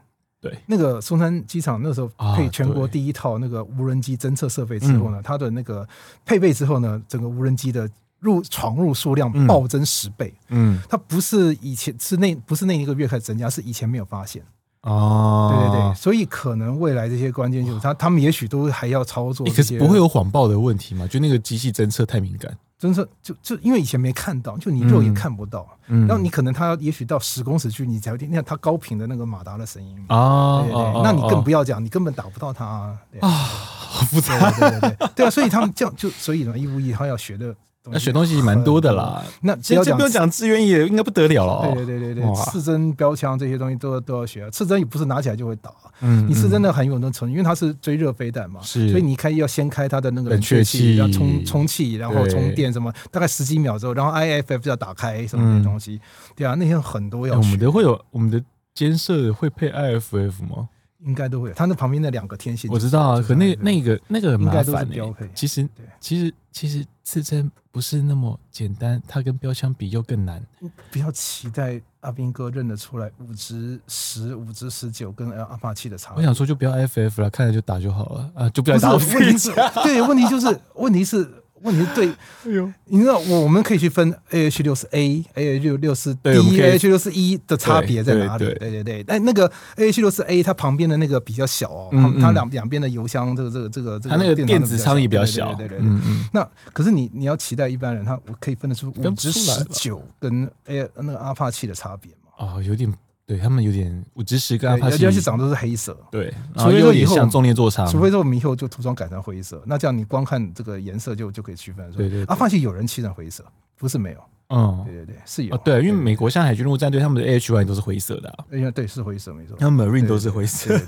[SPEAKER 2] 對，那個松山機場那時候配全國第一套那個無人機偵測設備之後呢，嗯、它的那個配備之後呢，整個無人機的入闖入數量暴增十倍。嗯，它不是以前是那不是那一個月開始增加，是以前沒有發現。哦，對對對，所以可能未來這些關鍵就是他他們也許都還要操作一些，欸、可是不會有謊
[SPEAKER 1] 報的問題嘛？就那個機器偵測太敏感。
[SPEAKER 2] 真是就就因為以前沒看到，就你肉眼看不到，啊嗯，然後你可能他也許到十公尺去你才會聽，那他高頻的那個馬達的聲音啊、哦哦，那你更不要講，哦、你根本打不到他啊，對啊哦、好複雜，對對對，對對對，對啊，所以他們這樣就所以呢，一五一他要學的。
[SPEAKER 1] 那學東西蠻多的
[SPEAKER 2] 啦。嗯、那其實不用講資源也
[SPEAKER 1] 應該不得了了。對對對對對、哦啊，刺
[SPEAKER 2] 針標槍這些東西都都要學、啊。刺針也不是拿起來就會打、啊，嗯，你刺針的很有那種程、嗯，因為它是追熱飛彈嘛，是，所以你開要先開它的那個冷卻器，要充充氣，然後充,充電什麼，大概十幾秒之後，然後 IFF 就要打開什麼東西、嗯。對啊，那些很多要學。欸、我們的
[SPEAKER 1] 會有我們的監射會配 IFF
[SPEAKER 2] 嗎？應該都會有。它那旁邊那兩個天線 IFF, 我知道啊，可那個、那個那個很麻煩、應該都是標配。
[SPEAKER 1] 其實對其實其實刺針。不是那麼簡單，他跟標槍比又更難。
[SPEAKER 2] 不要期待阿兵哥認得出來五至十、五至十九跟阿帕奇的差。
[SPEAKER 1] 我想說，就不要 FF 了，看着就打就好了啊，就不要打我自己。不是，問題是，
[SPEAKER 2] 對，問題就是， 問題是。問題是？對，哎、呦，你知道我我們可以去分 A H 六四 A A H 六四 D A H 六四 E 的差別在哪裡？對對對，對，對對，但、欸、那個 A H 六四 A 它旁邊的那個比較小哦，嗯嗯它兩兩邊的油箱這個這個這個，它那個電，電子倉也比較小。對對對，對，對嗯嗯，那可是你你要期待一般人他我可以分得出五十九跟 A 那個阿帕奇的差別嗎？啊、哦，有點。對，他們有點，我只識跟阿帕奇。而且是長，都是黑色。對。然後又有點重列做差。除非說我們以後就塗裝改成灰色、嗯，那這樣你光看這個顏色就就可以區分了。對對、對。啊，況且有人漆成灰色，不是沒有。嗯，對對對，
[SPEAKER 1] 是有。啊、對、啊，因為美國像海軍陸戰隊他們的 A H Y 都是灰色的、
[SPEAKER 2] 啊。哎呀，對，是灰色沒錯。他們 Marine
[SPEAKER 1] 都是灰色。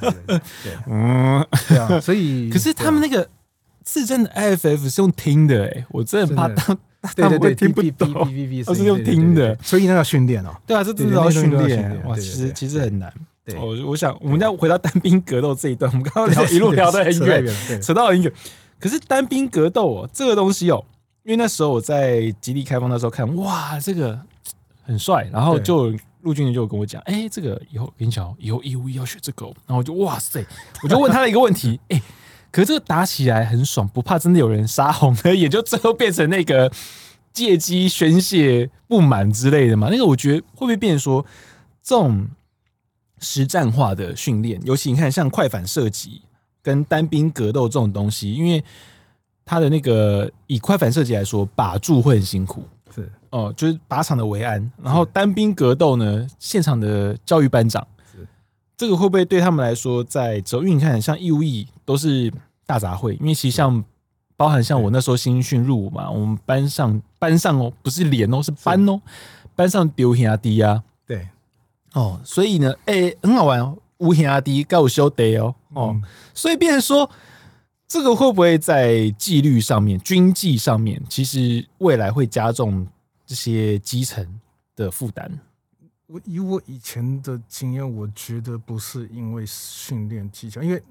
[SPEAKER 1] 嗯。對， 對啊，所以。 可是
[SPEAKER 2] 他們那個自證 I F F 是用聽的哎、欸，我真的怕他對對對對。對，對對對，聽不懂，他、喔、是用聽的，對對對對，所以那要訓練哦。對啊，這真的要訓練。哇，其實對對
[SPEAKER 1] 對對，其實很難。對、對、對、對、喔，我想，我們要回到單兵格鬥這一段，我們剛剛聊對對對，一路聊得很遠，扯到很遠。可是單兵格鬥哦、喔，這個東西哦、喔，因為那時候我在基地開放的時候看，哇，這個很帥，然後就陸軍人就跟我講，哎、欸，這個以後跟你講，以後義務役要學這個、喔，然後我就哇塞， 我就問他的一個問題，哎、欸。可這個打起來很爽，不怕真的有人殺紅了，可也就最後變成那個借機宣洩不滿之類的嘛。那個我覺得會不會變成說這種實戰化的訓練？尤其你看像快反射擊跟單兵格鬥這種東西，因為他的那個以快反射擊來說，把住會很辛苦。是哦、呃，就是靶場的維安，然後單兵格鬥呢，現場的教育班長。是這個會不會對他們來說在，在走運你看像義務役？都是大雜燴，因為其實像包含像我那時候新訓入伍嘛，我們班上班上哦、喔、不是連哦、喔、是班哦、喔，班上丟下底啊，對哦、喔，所以呢，哎、欸，很好玩哦、喔，丟鞋底搞笑得哦，哦、喔喔嗯，所以變成說這個會不會在紀律上面、軍紀上面，其實未來會加重這些基層的負擔？
[SPEAKER 2] 我以我以前的經驗，我覺得不是因為訓練技巧，因為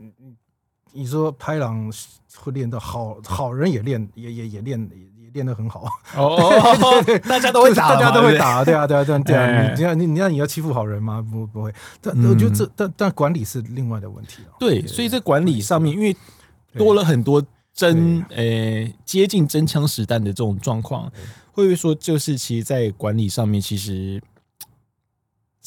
[SPEAKER 2] 你說拍狼會練到好好人也練也也也練練得很好哦，對對對哦，大家都會打，就是、大家都會打對，對啊，對啊，對啊，對啊對啊嗯、你你要你要欺負好人嗎？不不會，但我覺得這但、嗯、但管理是另外的問題、喔、
[SPEAKER 1] 對，所以這管理上面，因為多了很多真誒、欸、接近真槍實彈的這種狀況，會不會說就是其實在管理上面
[SPEAKER 2] 其實。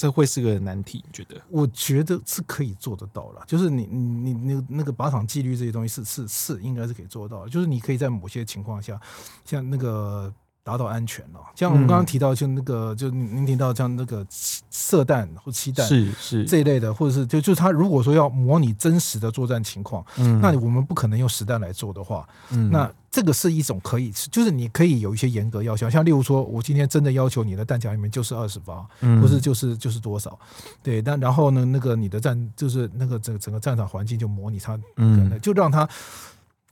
[SPEAKER 2] 這會是個難題，你覺得？我覺得是可以做得到了，就是你你你那那個靶場紀律這些東西是是是，應該是可以做得到，就是你可以在某些情況下，像那個。達到安全了，像我們剛剛提到，就那個，就您提到像那個色彈或漆彈是是這一類的，或者是就就他如果說要模擬真實的作戰情況，嗯，那我們不可能用實彈來做的話，嗯，那這個是一種可以，就是你可以有一些嚴格要求，像例如說我今天真的要求你的彈夾裡面就是二十八，嗯，不是就是就是多少，對，但然後呢，那個你的戰就是那個整個整個戰場環境就模擬它，嗯，就讓它。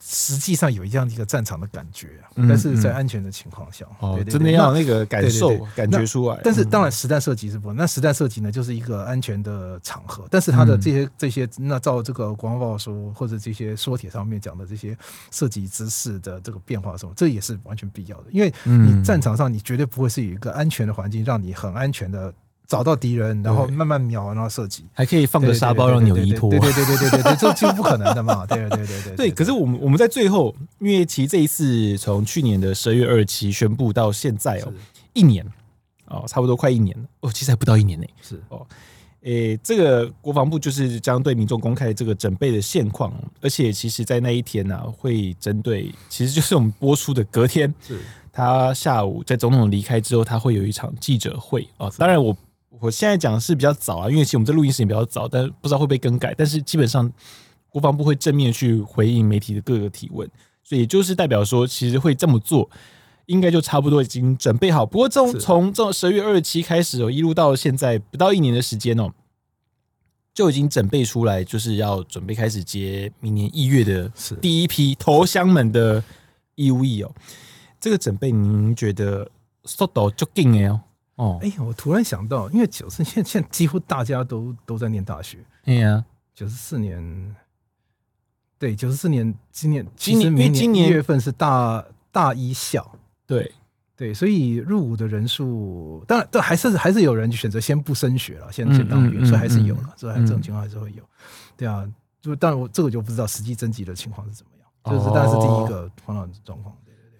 [SPEAKER 2] 實際上有一樣的一個戰場的感覺，啊，但是在安全的情況下，嗯，對對對哦，真的要那個感受，對對對感覺出來。但是當然，實彈射擊是不那實彈射擊呢，就是一個安全的場合。但是它的這些、嗯、這些，那照這個廣告書說或者這些說帖上面講的這些射擊姿勢的這個變化的時候，這也是完全必要的。因為你戰場上你絕對不會是有一個安全的環境，讓你很安全的。找到敵人，然後慢慢瞄，然後射擊，還可以放個沙包讓你有依托，對對對對對對，對對對對對對 這幾乎不可能的嘛，對對對對、對、對、對、對。對，可是我們我們在最後，因為其
[SPEAKER 1] 實這一次從去年的十二月二十七宣布到現在哦，一年哦，差不多快一年了哦，其實還不到一年呢，是哦，誒，這個國防部就是將對民眾公開這個整備的現況，而且其實在那一天呢、啊，會針對，其實就是我們播出的隔天，是，他下午在總統離開之後，他會有一場記者會哦。當然我。我現在講的是比較早啊，因為其實我們這錄音時間比較早，但不知道會不會更改。但是基本上，國防部會正面去回應媒體的各個提問，所以也就是代表說，其實會這麼做，應該就差不多已經準備好。不過從從從十二月二十七開始，一路到現在不到一年的時間哦，就已經整備出來，就是要準備開始接明年一月的第一批頭香們的
[SPEAKER 2] 義務役哦。這個準備你，您覺得速度究竟呢？哦，哎呀，我突然想到，因為九四年現在幾乎大家都都在念大學。哎呀，九十四年，對，九十四年,今年,年，今年，今年，明年一月份是大大一小。對，對，所以入伍的人數，當然，但還是還是有人選擇先不升學了，先先當兵、嗯嗯嗯，所以還是有了、嗯嗯嗯，所以這種情況還是會有。對啊，就但我這個就不知道實際徵集的情況是怎麼樣，就是當然、哦、是第一個碰到的狀況。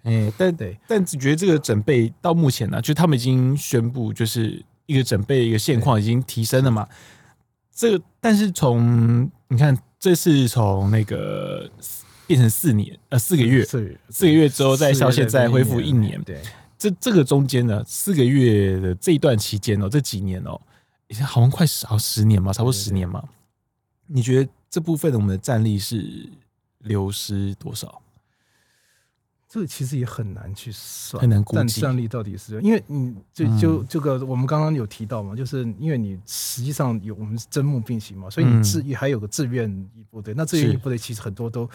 [SPEAKER 1] 哎、欸，但對，但你覺得這個整備到目前呢，就他們已經宣佈，就是一個整備一個現況已經提升了嘛。這個，但是從你看，這是從那個變成四年呃四個月，四四個月之後再到現在恢復一年，對，對這這個中間呢四個月的這一段期間哦、喔、這幾年哦、喔，好像快十好十年嘛，差不多十年嘛對對對。你覺得這部分我們的戰力是流失多少？
[SPEAKER 2] 這個其實也很難去算，很難估計戰力到底是。因為你就、嗯、就，就這個，我們剛剛有提到嘛，就是因為你實際上有我們是徵募並行嘛，所以自也、嗯、還有個志願一部隊。那志願一部隊其實很多都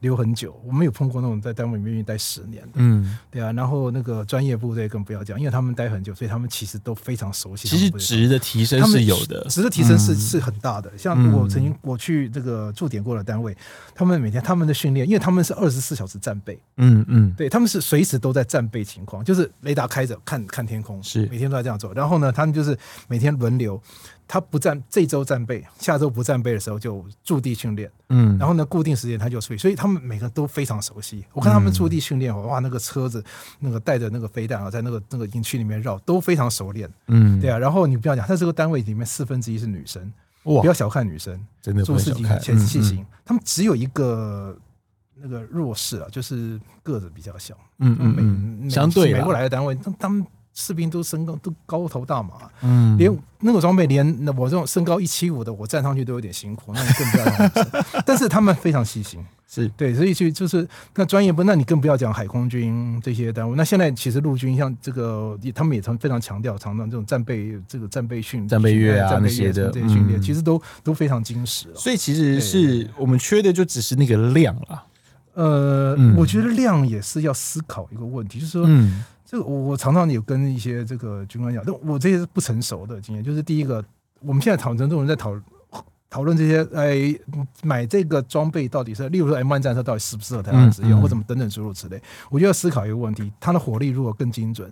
[SPEAKER 2] 留很久，我們有碰過那種在單位裡面待十年的。嗯，對啊。然後那個專業部隊更不要講，因為他們待很久，所以他們其實都非常熟悉。其實質
[SPEAKER 1] 的提升是有的，質的提升是、嗯、
[SPEAKER 2] 是很大的。像我曾經我去這個駐點過的單位，嗯、他們每天他們的訓練，因為他們是二十四小時戰備。嗯嗯。對，他們是隨時都在戰備情況，就是雷達開着看，看看天空，是每天都在這樣做。然後呢，他們就是每天輪流，他不戰，這週戰備，下周不戰備的時候就駐地訓練，嗯，然後呢，固定時間他就出去，所以他們每個人都非常熟悉。我看他們駐地訓練，嗯、哇，那個車子那個帶着那個飛彈啊，在那個那個營區裡面繞，都非常熟練，嗯，對啊。然後你不要講，他這個單位裡面四分之一是女生，哇，不要小看女生，真的非常前細心，嗯嗯。他們只有一個。那個弱勢啊，就是個子比較小，嗯嗯嗯，相對美國來的單位，那他們士兵都身高都高頭大馬，
[SPEAKER 1] 嗯，連
[SPEAKER 2] 那個裝備連那我這種身高一七五的，我站上去都有點辛苦那、 就是那，那你更不要講。但是他們非常細心，是對，所以就就是那專業部，那你更不要講海空軍這些單位。那現在其實陸軍像這個，他們也曾非常強調常常這種戰備這個戰備訓、戰備月啊戰備月這些的訓練，其實都都非常精實、哦。
[SPEAKER 1] 所以其實是我們缺的就只是那個量了。
[SPEAKER 2] 呃、嗯，我覺得量也是要思考一個問題，就是說，嗯、這個我我常常有跟一些這個軍官講，那我這些是不成熟的經驗，就是第一個，我們現在討論中，我們在討討、討論這些，哎，買這個裝備到底是，例如說 M one 戰車到底適不適合台灣使用、嗯嗯，或怎麼等等諸如此類，我覺得思考一個問題，它的火力如果更精準，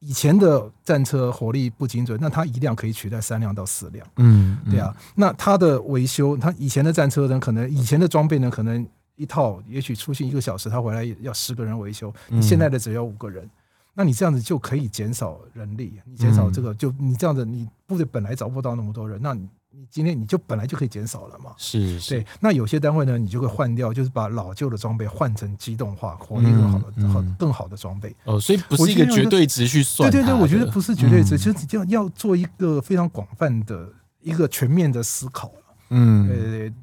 [SPEAKER 2] 以前的戰車火力不精準，那它一輛可以取代三輛到四輛，嗯，嗯對啊，那它的維修，它以前的戰車呢，可能以前的裝備呢，可能。一套也許出去一個小時，他回來要十個人維修，嗯、你現在的只要五個人，那你這樣子就可以減少人力，你減少這個，嗯、就你這樣子，你部隊本來找不到那麼多人，嗯、那你今天你就本來就可以減少了嘛。是，是，對。那有些單位呢，你就會換掉，就是把老舊的裝備換成機動化、火力更好的、嗯好、更好的裝備。哦，所以不是一個絕對值去算。對對對，我覺得不是絕對值，其實要要做一個非常廣泛的一個全面的思考，嗯對對對，呃。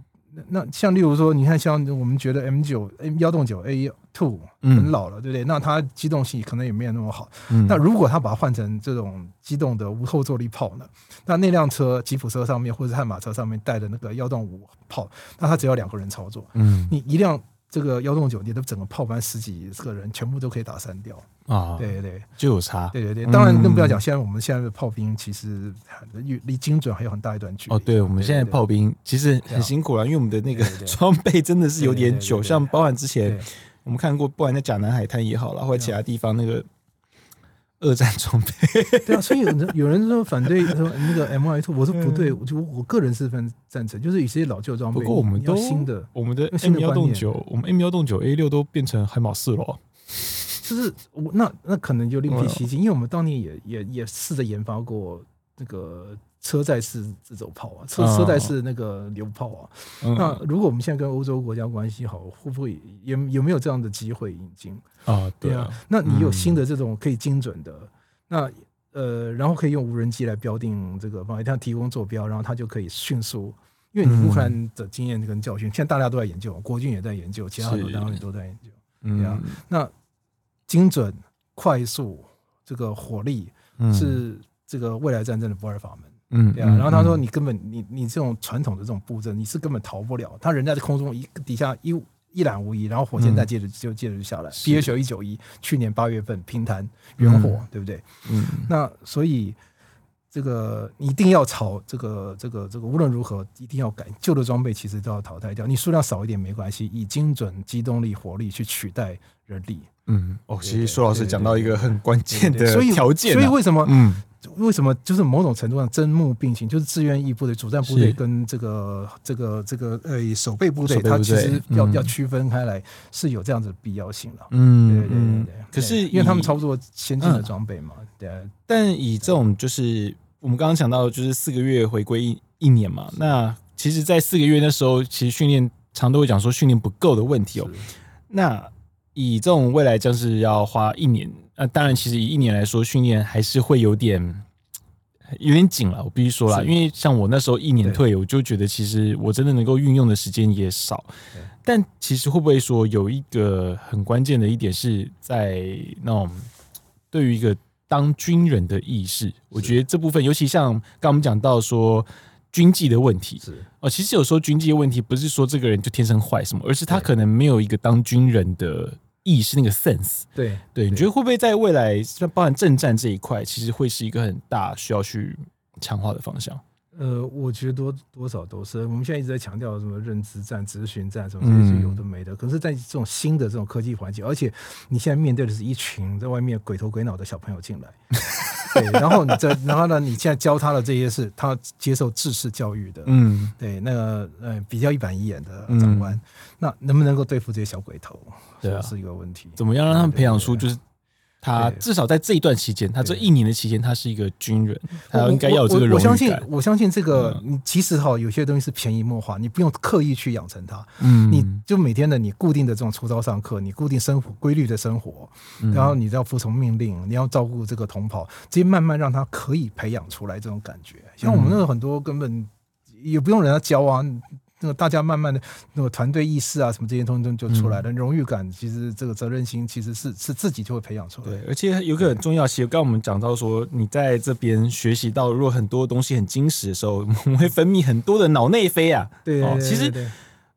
[SPEAKER 2] 那像例如說，你看像我們覺得 M 九 M 幺洞九 A two 很老了，嗯，對不對？那它機動性可能也沒有那麼好。嗯，那如果它把它換成這種機動的無後坐力炮呢？那那輛車吉普車上面或者悍馬車上面帶的那個幺洞五炮，那它只要兩個人操作。嗯，你一輛。這個幺洞九，店的整個炮班十幾個人全部都可以打散掉啊！對對、對、啊，就有差。嗯、對對對，當然更不要講，現在我們現在的炮兵其實離精準還有很大一段距離。哦，對，我們現在炮兵
[SPEAKER 1] 其實很辛苦了，因為我們的那個裝備真的是有點久。對對對對對對對，像
[SPEAKER 2] 包含之前我們看過，包含在
[SPEAKER 1] 甲南海灘也好啦，或者其他地方那個。二戰裝備
[SPEAKER 2] 對啊，所以有人有人說反對說那個 M 二二，我說不對，我就我個人是分贊成，就是有些老舊裝備。不過我們都新的，我們的 M 幺洞九，M1 -2 我們
[SPEAKER 1] M 幺洞九 A 六都變成海馬四了啊。
[SPEAKER 2] 就是我那那可能就另闢蹊徑，因為我們當年也也也試着研發過那個。車載式自走炮啊，車車載式那個榴炮啊、哦，那如果我們現在跟歐洲國家關係好，會不會有有沒有這樣的機會引進啊？對啊，那你有新的這種可以精準的，嗯、那呃，然後可以用無人機來標定這個，幫它提供坐標，然後它就可以迅速。因為你烏克蘭的經驗跟教訓、嗯，現在大家都在研究，國軍也在研究，其他很多單位都在研究。啊、嗯，那精準、快速這個火力是這個未來戰爭的不二法門。嗯，對啊。然後他說：“你根本，你你這種傳統的這種布陣，你是根本逃不了。他人在空中一底下一一覽無遺，然後火箭再接着就接着就下來。B H 九一九一，BHA191，去年八月份平潭遠火、嗯，對不對？嗯。那所以這個一定要朝這個這個這個、這個、無論如何一定要改，舊的裝備其實都要淘汰掉。你數量少一點沒關係，以精準機動力火力去取代。”人
[SPEAKER 1] 力，嗯，哦，其實舒老師講到一個很關鍵的條件，所以為什麼、
[SPEAKER 2] 啊，嗯，為什麼就是某種程度上徵募併行就是志願役部隊、嗯，主戰部隊跟這個這個這個呃守備部隊，他其實要、嗯、要區分開來是有這樣子的必要性的，嗯嗯對對對對對對，可是因為他們操作先進的裝備嘛、嗯，對，
[SPEAKER 1] 但以這種就是我們剛剛講到就是四個月回歸一一年嘛，那其實，在四個月那時候，其實訓練常都會講說訓練不夠的問題哦，那。以這種未來將是要花一年，那、啊、當然，其實以一年來說訓練還是會有點有點緊了，我必須說了，因為像我那時候一年退，我就覺得其實我真的能夠運用的時間也少。但其實會不會說有一個很關鍵的一點是在那種對於一個當軍人的意識，我覺得這部分尤其像剛我們講到說。軍紀的問題是哦，其實有時候軍紀的問題不是說這個人就天生壞什麼，而是他可能沒有一個當軍人的意識那個 sense。對對，你覺得會不會在未來，像包含政戰這一塊，其實會是一個很大需要去強化的方向？
[SPEAKER 2] 呃，我覺得多多少都是，我們現在一直在強調什麼認知戰、諮詢戰什麼這些，也是有的沒的。可是，在這種新的這種科技環境，而且你現在面對的是一群在外面鬼頭鬼腦的小朋友進來。 對，然後你這，然後呢？你現在教他的這些是他接受制式教育的，嗯，對，那個呃比較一板一眼的長官，嗯，那能不能夠對付這些小鬼頭，是一個問題。啊，對對，怎
[SPEAKER 1] 麼樣讓他們培養出就是？他至少在這一段期間，他這一年的期間，他是一個軍人，他應該要有這個榮譽感。我，我，我相
[SPEAKER 2] 信，我相信這個，嗯、其實哈，有些東西是潛移默化，你不用刻意去養成它。嗯，你就每天的你固定的這種出操上課，你固定生活規律的生活，嗯、然後你要服從命令，你要照顧這個同袍，這些慢慢讓他可以培養出來這種感覺。像我們那個很多根本、嗯、根本也不用人家教啊。那個、大家慢慢的，那個團隊意識啊，什麼這些東西就出來了。榮、嗯、譽感其實這個責任心其實是是自己就會培養出來。對，
[SPEAKER 1] 而且有個很重要，嗯、其實剛我們講到說，你在這邊學習到，如果很多東西很精實的時候，我們會分泌很多的腦內啡啊。對，對，對、哦，其實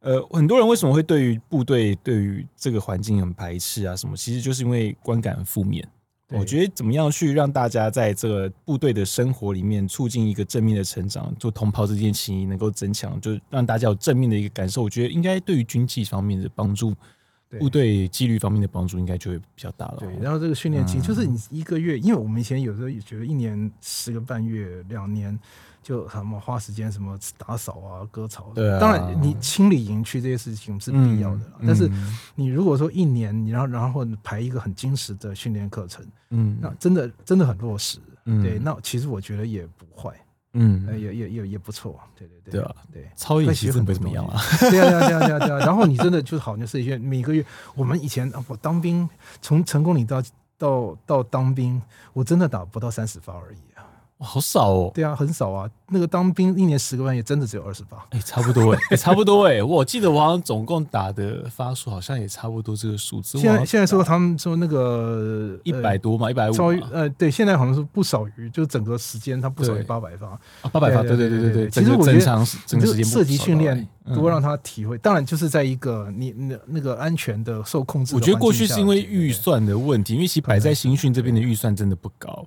[SPEAKER 1] 呃，很多人為什麼會對於部隊、對於這個環境很排斥啊？什麼，其實就是因為觀感很負面。我覺得怎麼樣去讓大家在這個部隊的生活裡面促進一個正面的成長，做同袍之間情誼能夠增強，就讓大家有正面的一個感受。我覺得應該對於軍紀方面的幫助，對部隊紀律方面的幫助應該就會比較大了。對，然後這個訓練期、嗯、就是你
[SPEAKER 2] 一個月，因為我們以前有時候也覺得一年十個半月、兩年。就什麼花時間什麼打掃啊、割草，對。當然，你清理營區這些事情是必要的、啊。但是你如果說一年，你然後然後排一個很精實的訓練課程，嗯，那真的真的很落實。嗯。對，那其實我覺得也不壞。嗯。也也也也不錯。對對對，對，對，對、啊。超對超遠其實不怎麼樣啊。對啊對啊對啊對啊。啊啊啊啊啊啊啊、 然後你真的就是好，射擊訓練每個月，我們以前我當兵，從成功嶺到到到當兵，我真的打不到三十發而已、啊。好少哦，對啊，很少啊。那個當兵一年十個班也真的只有二十八，哎、欸，差不多哎、欸 欸，差
[SPEAKER 1] 不多哎、欸。我記得我好像總共打的發數好像也差不多這個數字。現在現在
[SPEAKER 2] 說他們說那個一百多嘛，一百五。呃，對，現在好像是不少於，就整個時間他不少於八百發。八百、哦、發，欸、對,對對對對對。其實我覺得整個設計訓練，多讓他體會。嗯、當然，就是在一個你那那個安全的受控制。我覺得過去是因為
[SPEAKER 1] 預算的問題，因為其擺在新訓這邊的預算真的不高。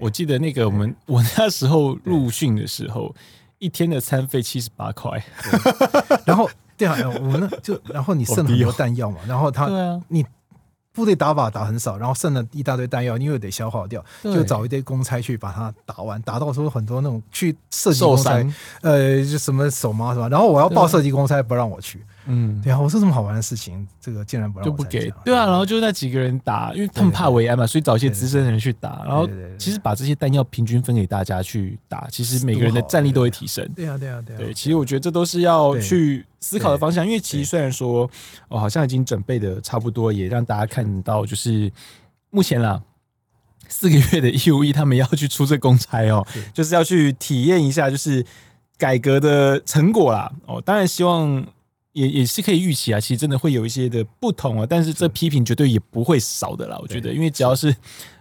[SPEAKER 1] 我記得那個我們我那時候入訓的時候，一天的餐費七十八塊，
[SPEAKER 2] 然後對啊，我們就然後你剩很多彈藥嘛，oh, 然後他對啊，你部隊打靶打很少，然後剩了一大堆彈藥，你又得消耗掉，就找一堆公差去把它打完，打到時候很多那種去射擊公差，呃，就什麼手麻是吧？然後我要報射擊公差，不讓我去。嗯，對啊，我說這麼好玩的事情，這個竟然不讓我、啊、就不給
[SPEAKER 1] 對啊，然後就那幾個人打，因為他們怕危安嘛，所以找一些資深的人去打。然後其實把這些彈藥平均分給大家去打，其實每個人的戰力都會提升。
[SPEAKER 2] 對啊，對啊，對啊。對，
[SPEAKER 1] 其實我覺得這都是要去思考的方向，因為其實雖然說我、哦、好像已經準備的差不多，也讓大家看到，就是目前啦，四個月的義務役他們要去出這公差哦，就是要去體驗一下，就是改革的成果啦。哦，當然希望。也也是可以預期啊，其實真的會有一些的不同啊，但是這批評絕對也不會少的啦，我覺得，因為只要是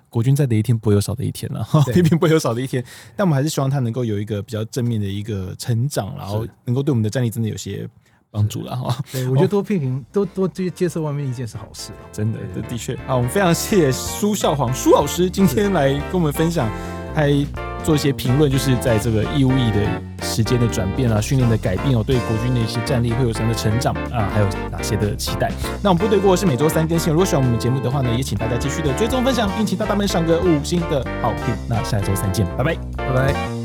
[SPEAKER 1] 國軍在的一天，不會有少的一天了、啊喔，批評不會有少的一天，但我們還是希望他能夠有一個比較正面的一個成長，然後能夠對我們的戰力真的有些幫助了哈、喔。對，我覺得多
[SPEAKER 2] 批評、喔、多多接接受外面意見是好事、啊，真的，這
[SPEAKER 1] 的確。好，我們非常謝謝舒孝煌、舒老師今天來跟我們分享。還做一些評論，就是在這個義務役的時間的轉變啊，訓練的改變哦、喔，對國軍的一些戰力會有什麼的成長啊？還有哪些的期待？那我們部隊鍋是每周三更新，如果喜歡我們節目的話呢，也請大家繼續的追蹤分享，並請大大們上個五星的好評。那下周三見，拜拜，拜拜。